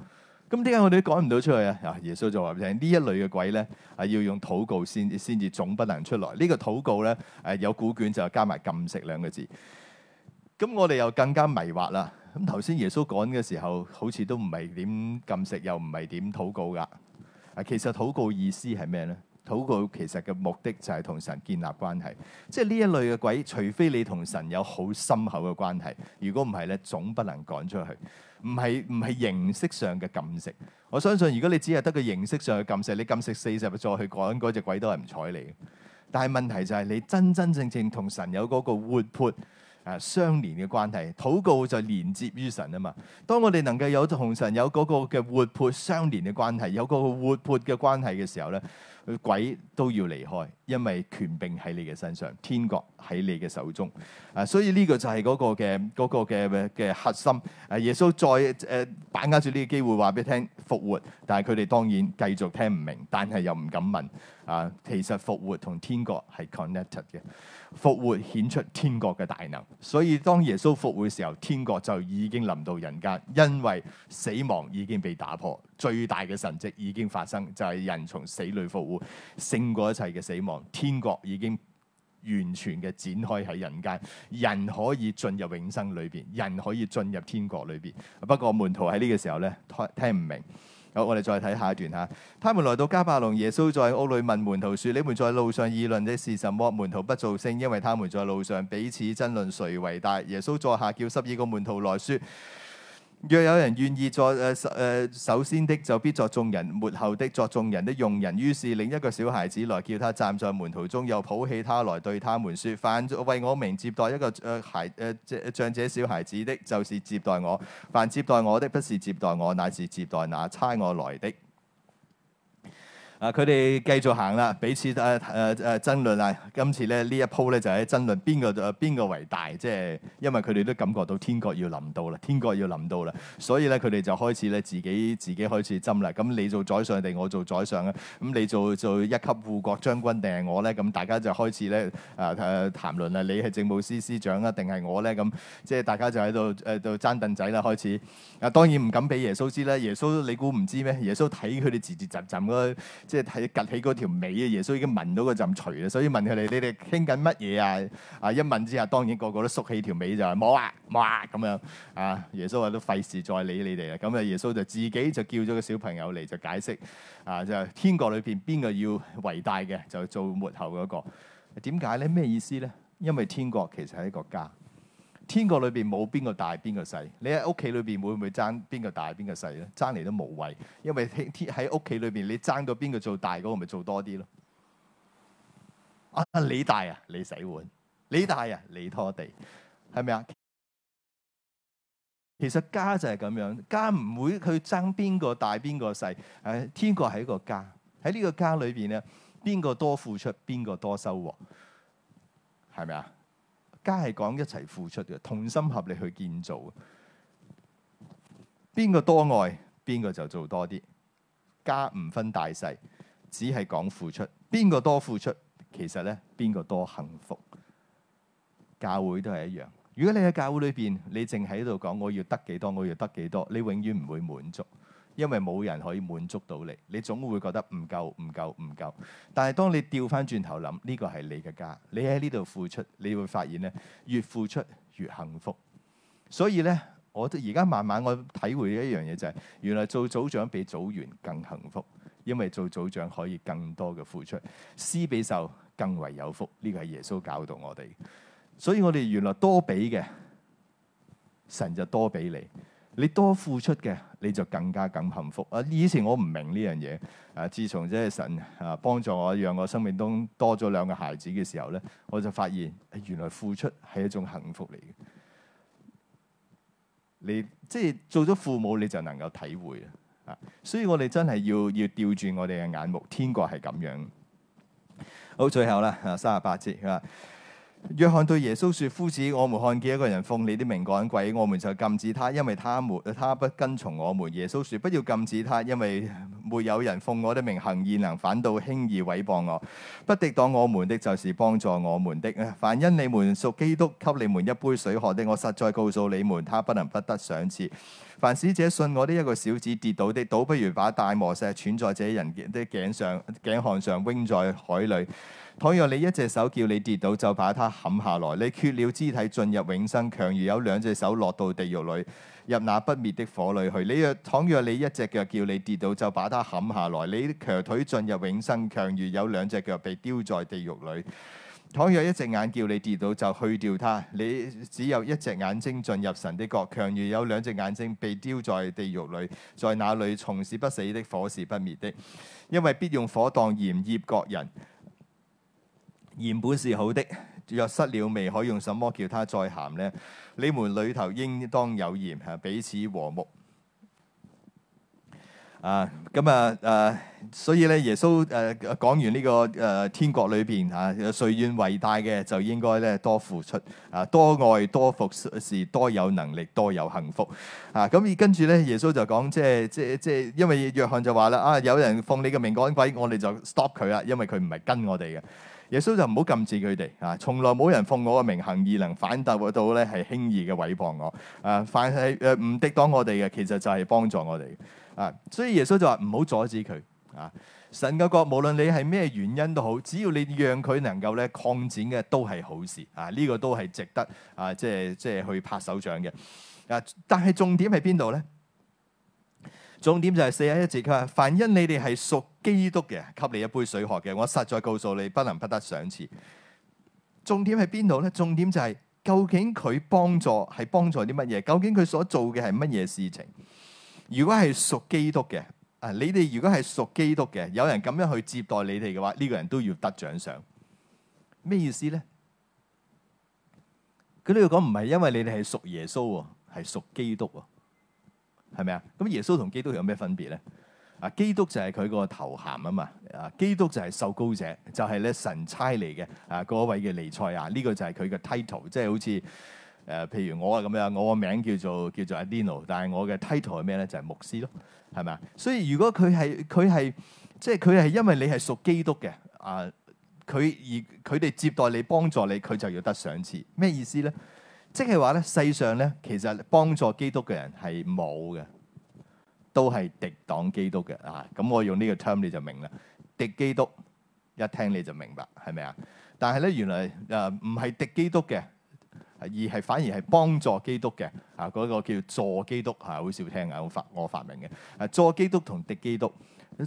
A: 咁點解我哋都趕唔到出去啊？啊，耶穌就話：畀你聽呢一類嘅鬼咧，啊要用禱告先先至總不能出來。這個、禱呢個禱告咧，誒、啊、有古卷就加埋禁食兩個字。咁我哋又更加迷惑啦。咁頭先耶穌講嘅時候，好似都唔係點禁食，又唔係點禱告噶。其實禱告意思係咩咧？禱告其實嘅目的就係同神建立關係。即係呢一類嘅鬼，除非你同神有好深厚嘅關係，如果唔係咧，總不能趕出去。唔係唔係形式上嘅禁食。我相信如果你只係得個形式上嘅禁食，你禁食四十日再去趕嗰隻、那個、鬼，都係唔睬你。但係問題就係、是、你真真正正同神有嗰個活潑。啊，相連嘅關係，禱告就連接於神啊嘛。當我哋能夠有同神有嗰個嘅活潑相連嘅關係，有個活潑嘅關係嘅時候咧，鬼都要離開，因為權柄喺你嘅身上，天國喺你嘅手中。啊，所以呢個就係嗰個嘅嗰個嘅嘅核心。啊，耶穌再誒、呃、把握住呢個機會話俾你聽復活，但係佢哋當然繼續聽唔明，但係又唔敢問。啊，其實復活同天國係 connected 嘅。復活顯出天國嘅大能，所以當耶穌復活嘅時候，天國就已經臨到人間，因為死亡已經被打破，最大嘅神蹟已經發生，就係、是、人從死裏復活，勝過一切嘅死亡。天國已經完全嘅展開喺人間，人可以進入永生裏邊，人可以進入天國裏邊。不過門徒喺呢個時候咧，聽唔明。好，我哋再睇下一段吓。他們來到迦百農，耶穌在屋裏問門徒說：「你們在路上議論的是什麼？門徒不做聲，因為他們在路上彼此爭論誰為大。耶穌坐下，叫十二個門徒來說。若有人願意作誒誒首先的，就必作眾人末後的；作眾人的用人。於是另一個小孩子來叫他站在門徒中，又抱起他來對他們說：「凡為我名接待一個誒、呃、孩誒誒像這小孩子的，就是接待我；凡接待我的，不是接待我，乃是接待那差我來的。」啊！佢哋繼續行啦，彼此誒誒誒爭論啦。今次咧呢一鋪咧就係爭論邊個誒邊個為大，即係因為佢哋都感覺到天國要臨到啦，天國要臨到啦，所以咧佢哋就開始咧自己自己開始斟啦。咁你做宰相定我做宰相啊？咁你做做一級護國將軍定係我咧？咁大家就開始咧啊誒談論啦。你係政務司司長啊定係我咧？咁即係大家就喺度誒度爭凳仔啦。開始啊，當然唔敢俾耶穌知啦。耶穌你估唔知咩？耶穌睇佢哋字字集集。即係睇趷起嗰條尾啊！耶穌已經聞到嗰陣臭啦，所以問佢哋：你哋傾緊乜嘢啊？啊一問之下，當然個個都縮起條尾就話冇啊冇啊咁樣啊！耶穌話都費事再理你哋啦。咁、嗯、啊，耶穌就自己就叫咗個小朋友嚟就解釋啊，就天國裏邊邊個要偉大嘅就做末後嗰、那個點解咧？咩意思咧？因為天國其實係一個家。天國裏邊冇邊個大邊個細，你喺屋企裏邊會唔會爭邊個大邊個細咧？爭嚟都冇謂，因為天喺屋企裏邊你爭到邊個做大嗰個咪做多啲咯。啊，你大啊，你洗碗；你大啊，你拖地，係咪啊？其實家就係咁樣，家唔會去爭邊個大邊個細。誒，天國係一個家，喺呢個家裏邊咧，邊個多付出邊個多收穫，係咪啊？家係講一齊付出嘅，同心合力去建造。邊個多愛，邊個就做多啲。家唔分大細，只係講付出。邊個多付出，其實咧，邊個多幸福。教會都係一樣。如果你喺教會裏邊，你淨喺度講我要得幾多，我要得幾多，你永遠唔會滿足。因為冇人可以滿足到你，你總會覺得唔夠、唔夠、唔夠。但係當你掉翻轉頭諗，呢個係你嘅家，你喺呢度付出，你會發現咧，越付出越幸福。所以咧，我而家慢慢我體會一樣嘢就係，原來做組長比組員更幸福，因為做組長可以更多嘅付出，施比受更為有福。呢個係耶穌教導我哋，所以我哋原來多俾嘅，神就多俾你。你多付出嘅，你就更加咁幸福。啊，以前我唔明呢樣嘢，啊，自從即係神啊幫助我，讓我生命中多咗兩個孩子嘅時候咧，我就發現、哎、原來付出係一種幸福嚟嘅。你即係做咗父母，你就能夠體會啊。所以我哋真係要要調轉我哋嘅眼目，天國係咁樣。好，最後啦，啊，三十八節啊。約翰對耶穌説：夫子，我們看見一個人奉你的名趕鬼，我們就禁止他，因為他沒他不跟從我們。耶穌説：不要禁止他，因為沒有人奉我的名行異能，反倒輕易毀謗我。不敵擋我們的，就是幫助我們的。凡因你們屬基督，給你們一杯水喝的，我實在告訴你們，他不能不得賞賜。凡使者信我的一個小子跌倒的，倒不如把大磨石穿在這人的頸上、頸項上，扔在海裏。倘若你一隻手叫你跌倒，就把它砍下來。你缺了肢體進入永生，強如有兩隻手落到地獄裏，入那不滅的火裏去。你若倘若你一隻腳叫你跌倒，就把它砍下來。你瘸腿進入永生，強如有兩隻腳被丟在地獄裏。倘若一隻眼叫你跌倒，就去掉它；你只有一隻眼睛進入神的國，強如有兩隻眼睛被丟在地獄裏，在那裏從事不死的火是不滅的，因為必用火當鹽醃各人。鹽本是好的，若失了味，可用什麼叫他再鹹呢？你們裏頭應當有鹽，彼此和睦啊。咁啊，誒，所以咧，耶穌誒、啊、講完呢、這個誒、啊、天國裏邊吓，誰、啊、願偉大嘅就應該咧多付出啊，多愛多服侍、多有能力多有幸福啊。咁跟住咧，耶穌就講即係即係即係，因為約翰就話啦啊，有人奉你嘅名趕鬼，我哋就 stop 佢啦，因為佢唔係跟我哋嘅。耶穌就唔好禁止佢哋啊！從來冇人奉我嘅名行義能反駁到咧係輕易嘅毀謗我啊！凡係誒唔敵擋我哋嘅，其實就係幫助我哋啊！所以耶穌就話唔好阻止佢啊！神嘅國無論你係咩原因都好，只要你讓佢能夠咧擴展嘅都係好事啊！呢個都係值得啊！即係即係去拍手掌嘅啊！但係重點係邊度咧？重點就係四十一節，佢話，凡因你哋係屬基督嘅，給你一杯水喝嘅，我實在告訴你，不能不得賞賜。重點係邊度咧？重點就係究竟佢幫助係幫助啲乜嘢？究竟佢所做嘅係乜嘢事情？如果係屬基督嘅啊，你哋如果係屬基督嘅，有人咁樣去接待你哋嘅話，呢個人都要得獎賞。咩意思咧？佢都要講唔係因為你哋係屬耶穌，係屬基督。係咪啊？咁耶穌同基督有咩分別咧？啊，基督就係佢個頭銜啊嘛！啊，基督就係受膏者，就係、是、咧神差嚟嘅啊，嗰位嘅尼賽亞呢、這個就係佢嘅 title，即係好似誒、呃，譬如我啊咁樣，我個名叫做叫做阿 Dino，但係我嘅 title 係咩咧？就係、是、牧師咯，係咪啊？所以如果佢係佢係即係佢係因為你係屬基督嘅啊，佢而佢哋接待你幫助你，佢就要得賞賜，咩意思咧？即係話咧，世上咧其實幫助基督嘅人係冇嘅，都係敵擋基督嘅啊！咁我用呢個 term 你就明啦，敵基督，一聽你就明白，係咪啊？但係咧原來誒唔係敵基督嘅，而係反而係幫助基督嘅啊！嗰個叫助基督啊，好少聽啊，我發我發明嘅啊，助基督同敵基督。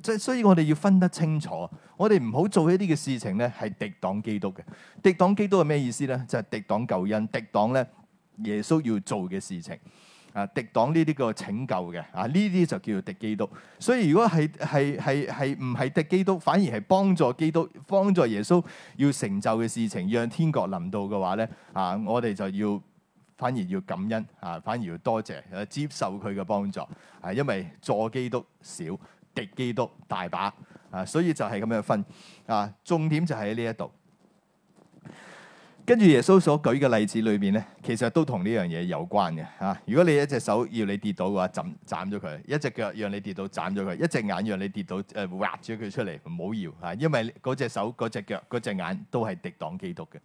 A: 即係，所以我哋要分得清楚，我哋唔好做一啲嘅事情咧，係敵擋基督嘅。敵擋基督係咩意思咧？就係、是、敵擋救恩，敵擋咧耶穌要做嘅事情啊，敵擋呢啲個拯救嘅啊，呢啲就叫做敵基督。所以如果係係係係唔係敵基督，反而係幫助基督、幫助耶穌要成就嘅事情，讓天國臨到嘅話咧啊，我哋就要反而要感恩啊，反而要多謝，要接受佢嘅幫助啊，因為助基督少。敵基督大把啊，所以就係咁樣分啊。重點就喺呢一度，跟住耶穌所舉嘅例子裏邊咧，其實都同呢樣嘢有關嘅啊。如果你一隻手要你跌倒嘅話，斬斬咗佢；一隻腳讓你跌倒，斬咗佢；一隻眼讓你跌倒，誒挖咗佢出嚟，唔好搖啊。因為嗰隻手、嗰隻腳、嗰隻眼都係敵擋基督嘅，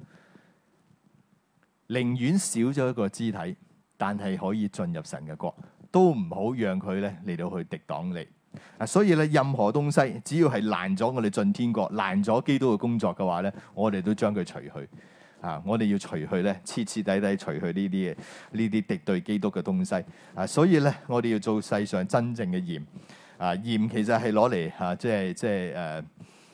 A: 寧願少咗一個肢體，但係可以進入神嘅國，都唔好讓佢咧嚟到去敵擋你。啊，所以咧，任何東西只要係攔咗我哋進天國、攔咗基督嘅工作嘅話咧，我哋都將佢除去。啊，我哋要除去咧，徹徹底底除去呢啲嘢、呢啲敵對基督嘅東西。啊，所以咧，我哋要做世上真正嘅鹽。啊，鹽其實係攞嚟吓，即係即係誒。啊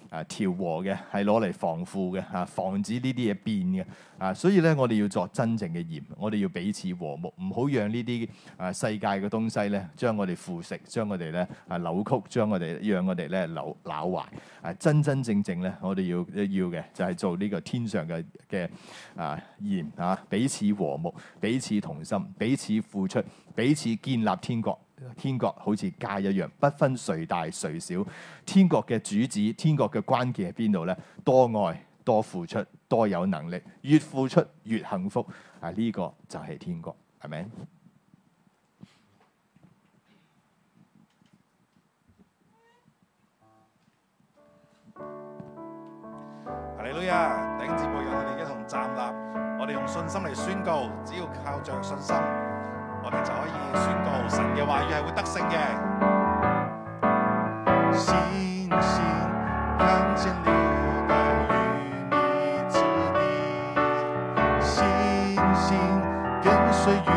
A: 啊，調和嘅係攞嚟防腐嘅嚇，啊，防止呢啲嘢變嘅啊，所以咧，我哋要作真正嘅鹽，我哋要彼此和睦，唔好讓呢啲啊世界嘅東西咧，將我哋腐蝕，將我哋咧啊扭曲，將我哋讓我哋咧扭扭壞啊！真真正正咧，我哋要要嘅就係做呢個天上嘅嘅啊鹽啊，彼此和睦，彼此同心，彼此付出，彼此建立天國。天國好似家一樣，不分誰大誰小。天國嘅主旨，天國嘅關鍵喺邊度呢？多愛，多付出，多有能力，越付出越幸福。啊，呢、這個就係天國，係咪？
B: 哈利路亞，頂住背，我哋一同站立，我哋用信心嚟宣告，只要靠着信心。我哋就可以宣告，神嘅話語係會得勝嘅。星星跟着月亮與你指引，星星跟隨雨。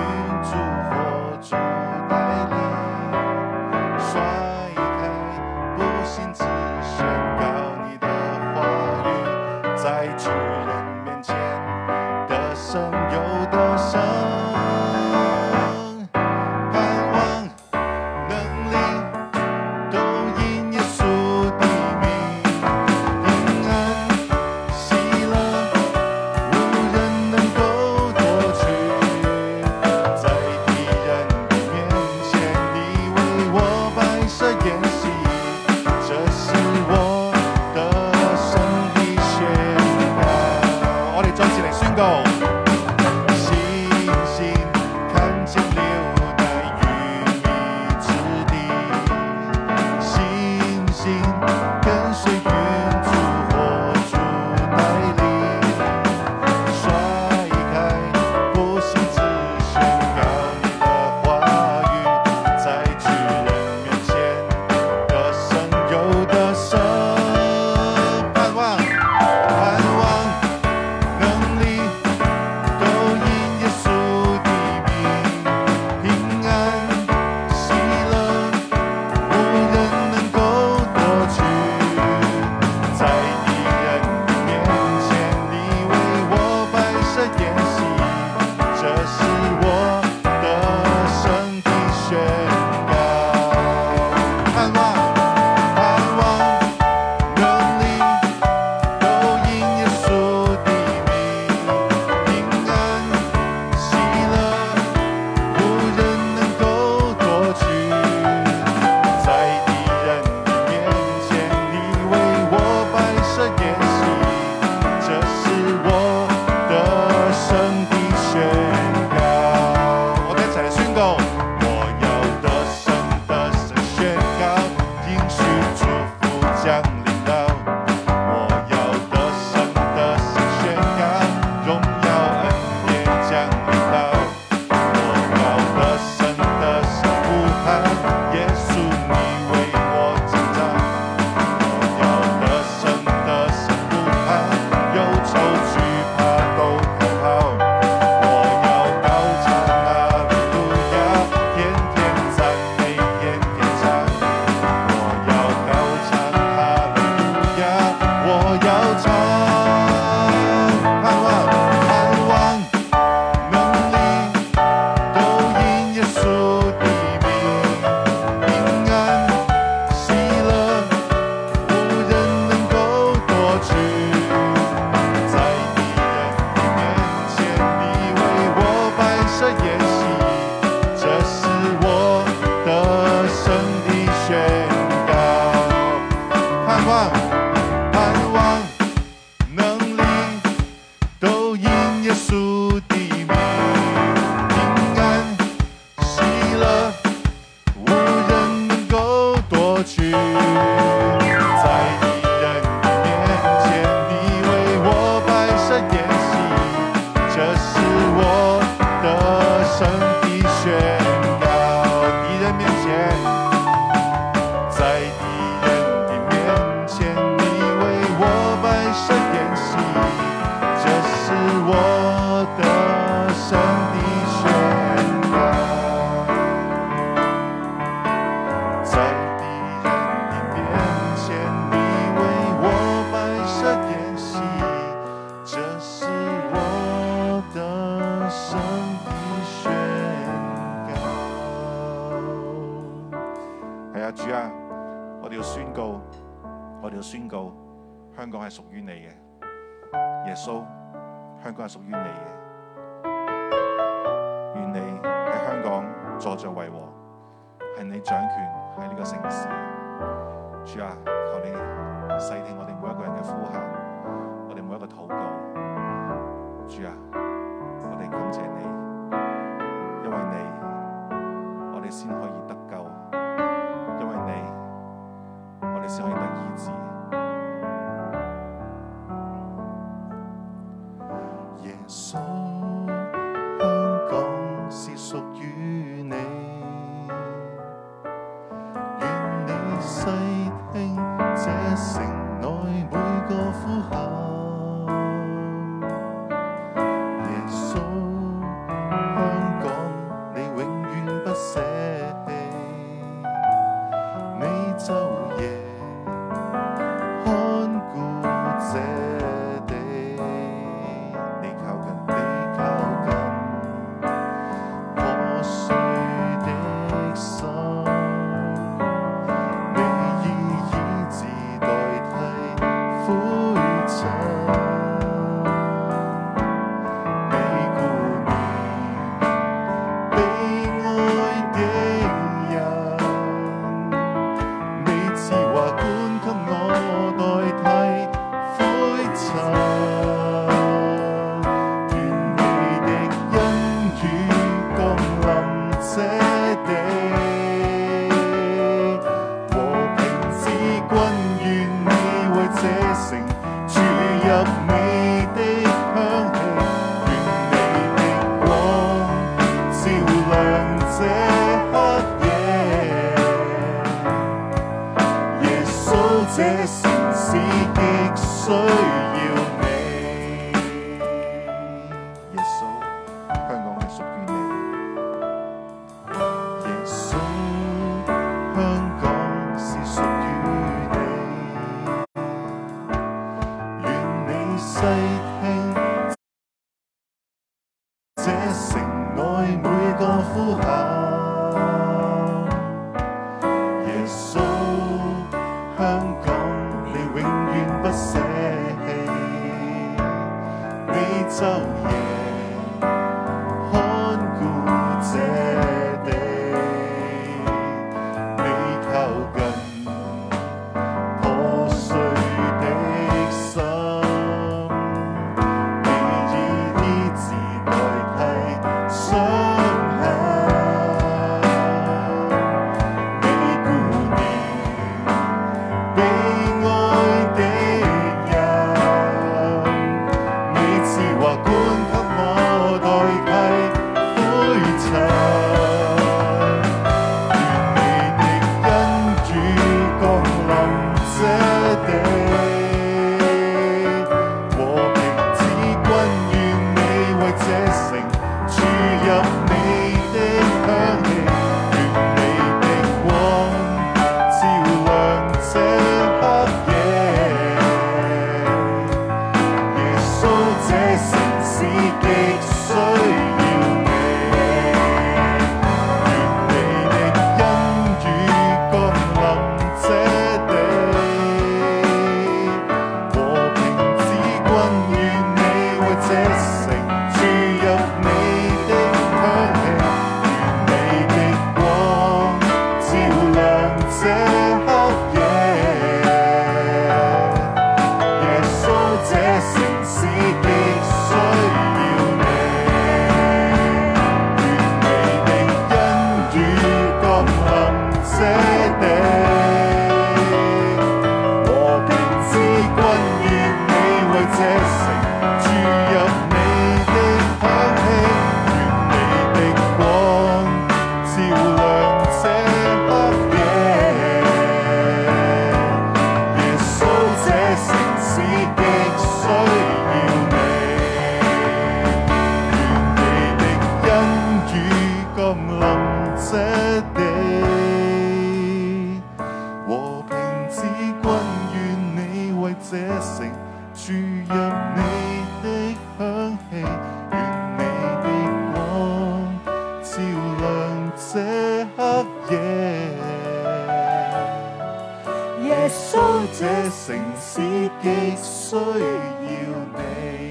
B: 城市極需要你，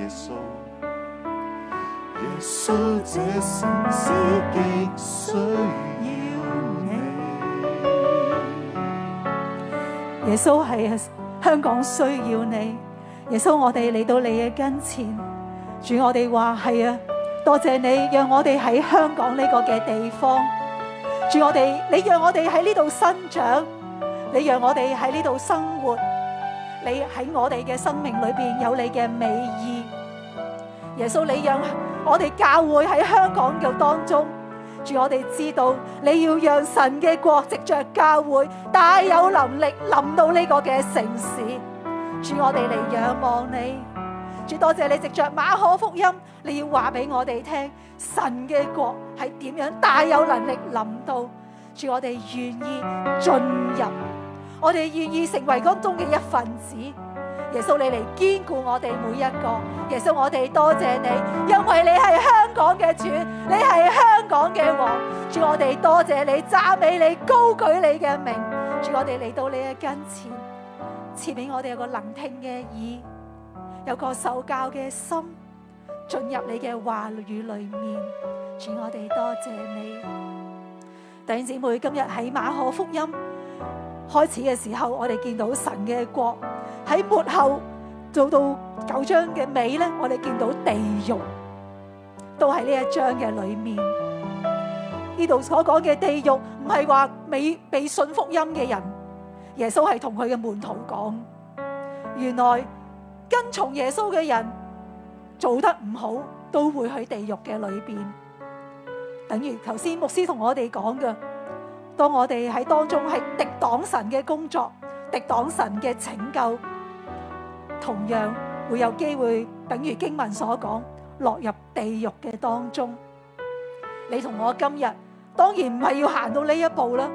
B: 耶穌，耶穌，這城市極需要你。
C: 耶穌係啊，香港需要你，耶穌，我哋嚟到你嘅跟前，主我哋話係啊，多謝你，讓我哋喺香港呢個嘅地方，主我哋，你讓我哋喺呢度生長。你讓我哋喺呢度生活，你喺我哋嘅生命裏邊有你嘅美意，耶穌，你讓我哋教會喺香港嘅當中，主我哋知道你要讓神嘅國藉着教會大有能力臨到呢個嘅城市，主我哋嚟仰望你，主多謝你藉着馬可福音，你要話俾我哋聽神嘅國係點樣大有能力臨到，主我哋願意進入。我哋願意成為當中嘅一份子，耶穌，你嚟堅固我哋每一個，耶穌，我哋多謝你，因為你係香港嘅主，你係香港嘅王，主我哋多謝你，讚美你高舉你嘅名，主我哋嚟到你嘅跟前，賜俾我哋有個聆聽嘅耳，有個受教嘅心，進入你嘅話語裏面，主我哋多謝你，弟兄姊妹今日喺馬可福音。開始嘅時候，我哋見到神嘅國喺末後做到九章嘅尾咧，我哋見到地獄都喺呢一章嘅裏面。呢度所講嘅地獄唔係話未被信福音嘅人，耶穌係同佢嘅門徒講，原來跟從耶穌嘅人做得唔好都會去地獄嘅裏邊，等於頭先牧師同我哋講嘅。當我哋喺當中係敵擋神嘅工作，敵擋神嘅拯救，同樣會有機會，等於經文所講，落入地獄嘅當中。你同我今日當然唔係要行到呢一步啦。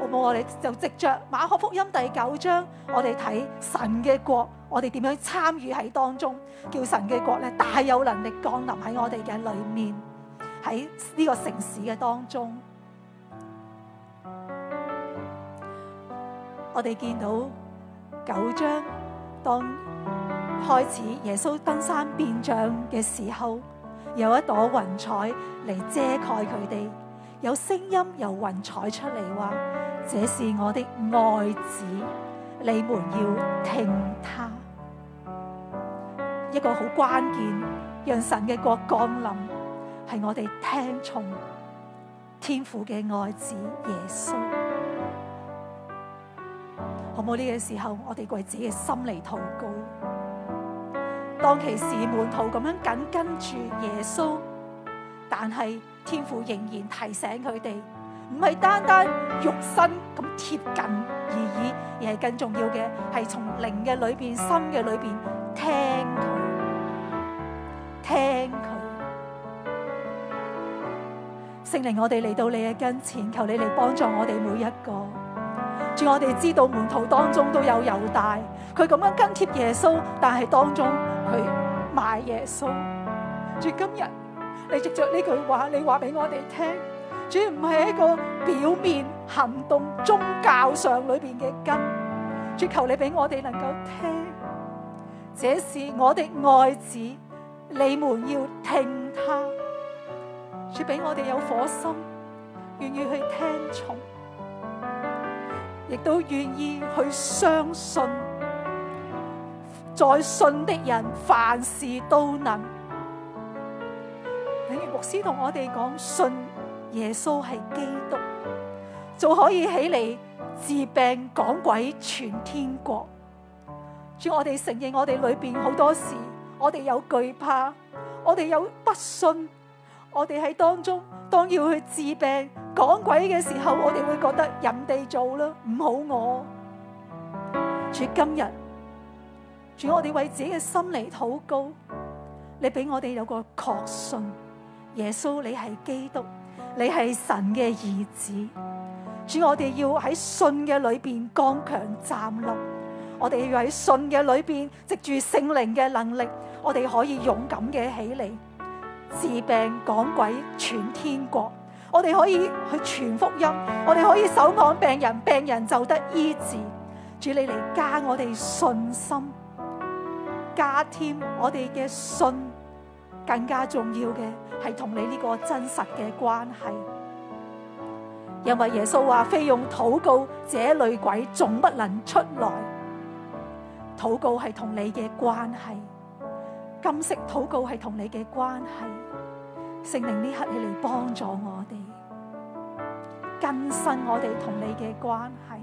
C: 好冇？我我哋就藉着馬可福音第九章，我哋睇神嘅國，我哋點樣參與喺當中，叫神嘅國咧大有能力降臨喺我哋嘅裏面，喺呢個城市嘅當中。我哋見到九章當開始耶穌登山變像嘅時候，有一朵雲彩嚟遮蓋佢哋，有聲音由雲彩出嚟話：這是我的愛子，你們要聽他。一個好關鍵，讓神嘅國降臨，係我哋聽從天父嘅愛子耶穌。好冇，呢個時候，我哋為自己嘅心嚟禱告。當其時，門徒咁樣緊跟住耶穌，但係天父仍然提醒佢哋，唔係單單肉身咁貼近而已，而係更重要嘅係從靈嘅裏邊、心嘅裏邊聽佢，聽佢。聖靈，我哋嚟到你嘅跟前，求你嚟幫助我哋每一個。主，我哋知道門徒當中都有猶大，佢咁樣跟貼耶穌，但係當中佢賣耶穌。主，今日你藉着呢句話，你話俾我哋聽，主唔係一個表面行動，宗教上裏邊嘅根。主，求你俾我哋能夠聽，這是我的愛子，你們要聽他。主，俾我哋有火心，願意去聽從。亦都願意去相信，在信的人凡事都能。等如牧師同我哋講，信耶穌係基督，仲可以起嚟治病、講鬼、傳天國。叫我哋承認我面，我哋裏邊好多事，我哋有懼怕，我哋有不信，我哋喺當中當要去治病。講鬼嘅時候，我哋會覺得人哋做啦，唔好我。主今日，主我哋為自己嘅心理禱告，你俾我哋有個確信，耶穌你係基督，你係神嘅兒子。主我哋要喺信嘅裏邊剛強站立，我哋要喺信嘅裏邊藉住聖靈嘅能力，我哋可以勇敢嘅起嚟治病講鬼，傳天國。我哋可以去傳福音，我哋可以手按病人，病人就得醫治。主你嚟加我哋信心，加添我哋嘅信。更加重要嘅係同你呢個真實嘅關係。因為耶穌話：非用禱告，這類鬼總不能出來。禱告係同你嘅關係，禁食禱告係同你嘅關係。聖靈呢刻起嚟幫助我哋。更新我哋同你嘅關係，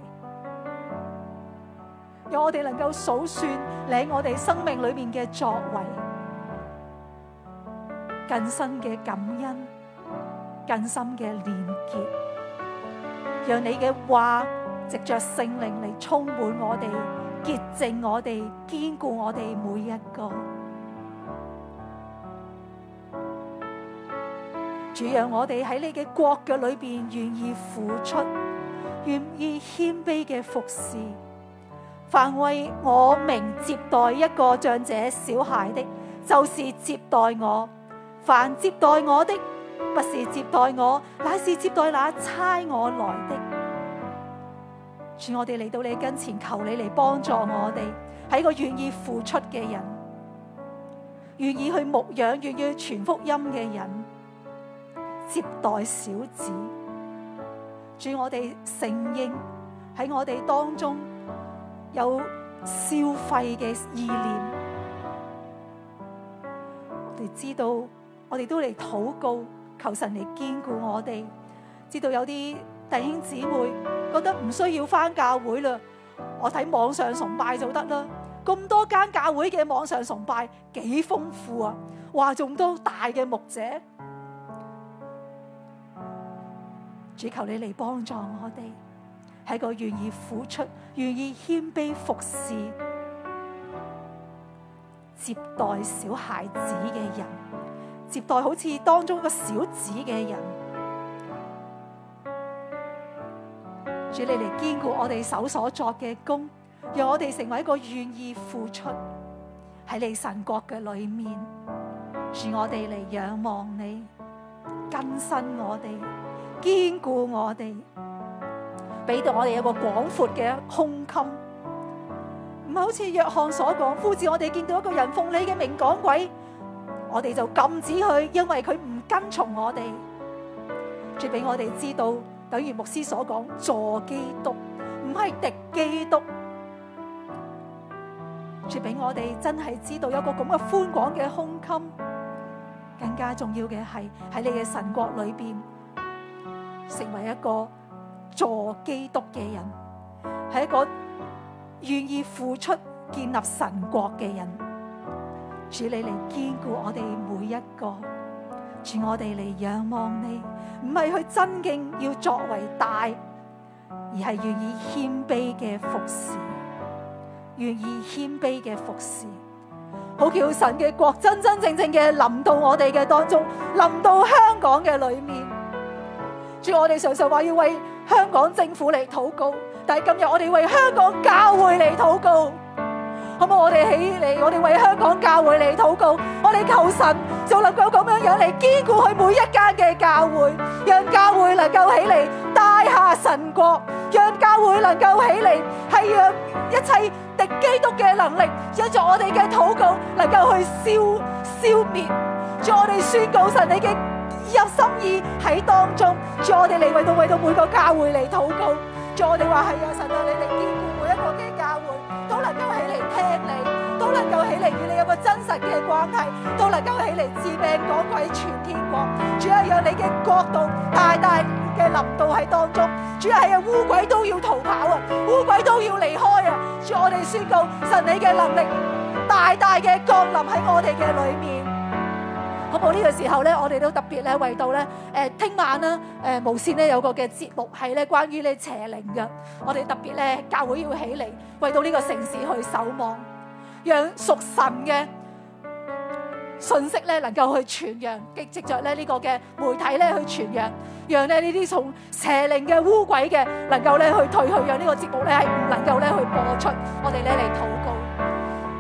C: 讓我哋能夠數算你喺我哋生命裏面嘅作為，更新嘅感恩，更深嘅連結，讓你嘅話藉着聖靈嚟充滿我哋，潔淨我哋，堅固我哋每一個。主讓我哋喺你嘅國腳裏邊願意付出，願意謙卑嘅服侍，凡為我名接待一個長者小孩的，就是接待我。凡接待我的，不是接待我，乃是接待那差我來的。主，我哋嚟到你跟前，求你嚟幫助我哋，係一個願意付出嘅人，願意去牧養，願意傳福音嘅人。接待小子，主我哋承認喺我哋當中有消費嘅意念，我哋知道，我哋都嚟禱告，求神嚟堅固我哋。知道有啲弟兄姊妹覺得唔需要翻教會啦，我睇網上崇拜就得啦。咁多間教會嘅網上崇拜幾豐富啊，話仲都大嘅牧者。主求你嚟幫助我哋，係個願意付出、願意謙卑服侍、接待小孩子嘅人，接待好似當中一個小子嘅人。主你嚟堅固我哋手所作嘅工，讓我哋成為一個願意付出喺你神國嘅裏面。主我哋嚟仰望你，更新我哋。堅固我哋，俾到我哋一個廣闊嘅胸襟，唔係好似約翰所講，呼召我哋見到一個人奉你嘅名趕鬼，我哋就禁止佢，因為佢唔跟從我哋。主俾我哋知道，等於牧師所講，助基督，唔係敵基督。主俾我哋真係知道一個咁嘅寬廣嘅胸襟，更加重要嘅係喺你嘅神國裏邊。成為一個助基督嘅人，係一個願意付出建立神國嘅人。主你嚟堅固我哋每一個，主我哋嚟仰望你，唔係去尊敬要作為大，而係願意謙卑嘅服侍，願意謙卑嘅服侍，好叫神嘅國真真正正嘅臨到我哋嘅當中，臨到香港嘅裏面。主，我哋常常話要為香港政府嚟禱告，但係今日我哋為香港教會嚟禱告，好冇？我哋起嚟，我哋為香港教會嚟禱告，我哋求神，就能夠咁樣樣嚟堅固佢每一間嘅教會，讓教會能夠起嚟大下神國，讓教會能夠起嚟係讓一切敵基督嘅能力，因着我哋嘅禱告能夠去消消滅，做我哋宣告神你嘅。有心意喺當中，主我哋嚟為到為到每個教會嚟禱告，主我哋話係有神啊！你嚟堅固每一個嘅教會，都能夠起嚟聽你，都能夠起嚟與你有個真實嘅關係，都能夠起嚟治病趕鬼傳天國。主係有你嘅國度大大嘅臨到喺當中，主係有污鬼都要逃跑啊，污鬼都要離開啊！主我哋宣告神你嘅能力大大嘅降臨喺我哋嘅裏面。好冇，呢個時候咧，我哋都特別咧為到咧，誒，聽晚啦，誒，無綫咧有個嘅節目係咧關於咧邪靈嘅，我哋特別咧教會要起嚟為到呢個城市去守望，讓屬神嘅信息咧能夠去傳揚，藉藉着咧呢個嘅媒體咧去傳揚，讓咧呢啲從邪靈嘅污鬼嘅能夠咧去退去，讓呢個節目咧係唔能夠咧去播出，我哋咧嚟禱告，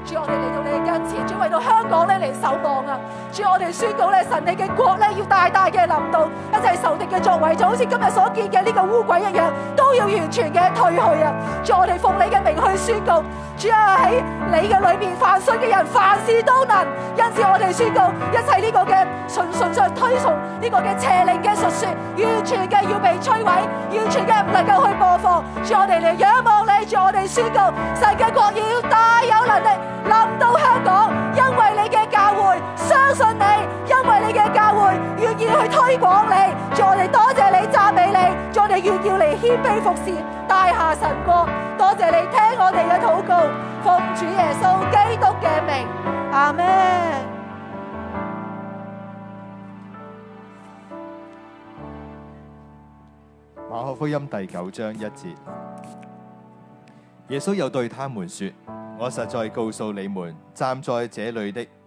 C: 主我哋嚟到。前主為到香港咧嚟守望啊！主我哋宣告咧，神你嘅國咧要大大嘅臨到，一切仇敵嘅作為就好似今日所見嘅呢個污鬼一樣，都要完全嘅退去啊！主我哋奉你嘅名去宣告，主啊喺。你嘅裏邊凡信嘅人，凡事都能。因此我哋宣告，一切呢個嘅純純粹推崇呢、這個嘅邪靈嘅述說，完全嘅要被摧毀，完全嘅唔能夠去播放。住我哋嚟仰望你，住我哋宣告，神嘅國要大有能力臨到香港，因為你嘅。教會相信你，因為你嘅教會願意去推廣你，在我哋多謝你讚美你，在我哋願叫你謙卑服侍大廈神國。多謝你聽我哋嘅禱告，奉主耶穌基督嘅名，阿門。
A: 馬可福音第九章一節，耶穌又對他們說：我實在告訴你們，站在這裏的。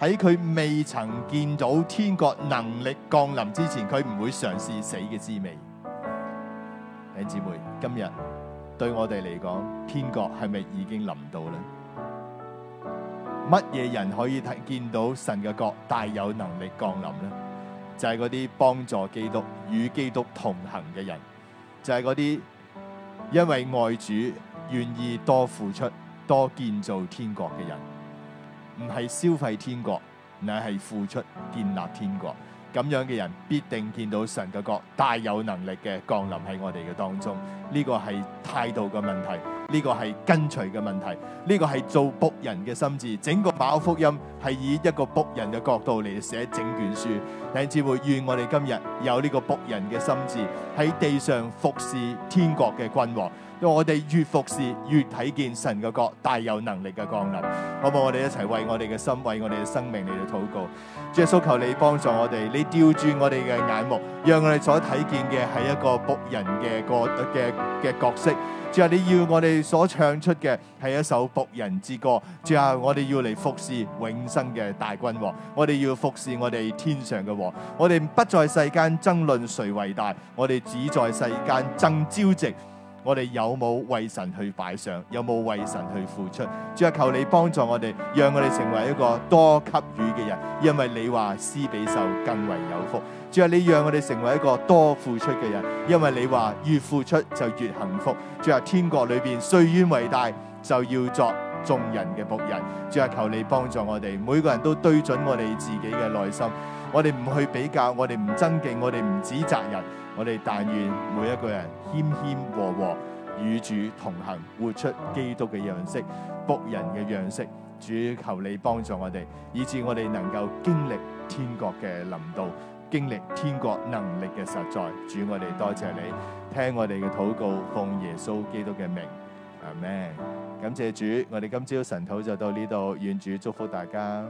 A: 喺佢未曾見到天國能力降臨之前，佢唔會嘗試死嘅滋味。弟兄姊妹，今日對我哋嚟講，天國係咪已經臨到呢？乜嘢人可以睇見到神嘅國大有能力降臨呢？就係嗰啲幫助基督與基督同行嘅人，就係嗰啲因為愛主願意多付出、多建造天國嘅人。唔係消費天國，乃係付出建立天國。咁樣嘅人必定見到神嘅國大有能力嘅降臨喺我哋嘅當中。呢個係態度嘅問題，呢個係跟隨嘅問題，呢個係做僕人嘅心志。整個馬可福音係以一個僕人嘅角度嚟寫整卷書，乃至會願我哋今日有呢個僕人嘅心志，喺地上服侍天國嘅君王。我哋越服侍，越睇見神嘅國，大有能力嘅降臨，好唔好？我哋一齊為我哋嘅心、為我哋嘅生命嚟到禱告。主耶穌，求你幫助我哋，你調轉我哋嘅眼目，讓我哋所睇見嘅係一個僕人嘅個嘅嘅角色。主啊，你要我哋所唱出嘅係一首僕人之歌。主啊，我哋要嚟服侍永生嘅大君王，我哋要服侍我哋天上嘅王。我哋不在世間爭論誰為大，我哋只在世間爭朝夕。我哋有冇為神去擺上？有冇為神去付出？主啊，求你幫助我哋，讓我哋成為一個多給予嘅人，因為你話施比受更為有福。主啊，你讓我哋成為一個多付出嘅人，因為你話越付出就越幸福。主啊，天國裏邊誰願為大，就要作眾人嘅僕人。主啊，求你幫助我哋，每個人都對準我哋自己嘅內心，我哋唔去比較，我哋唔爭競，我哋唔指責人，我哋但願每一個人。謙謙和和與主同行，活出基督嘅樣式，僕人嘅樣式。主，求你幫助我哋，以致我哋能夠經歷天國嘅臨到，經歷天國能力嘅實在。主，我哋多謝你，聽我哋嘅禱告，奉耶穌基督嘅名，阿門。感謝主，我哋今朝晨禱就到呢度，願主祝福大家。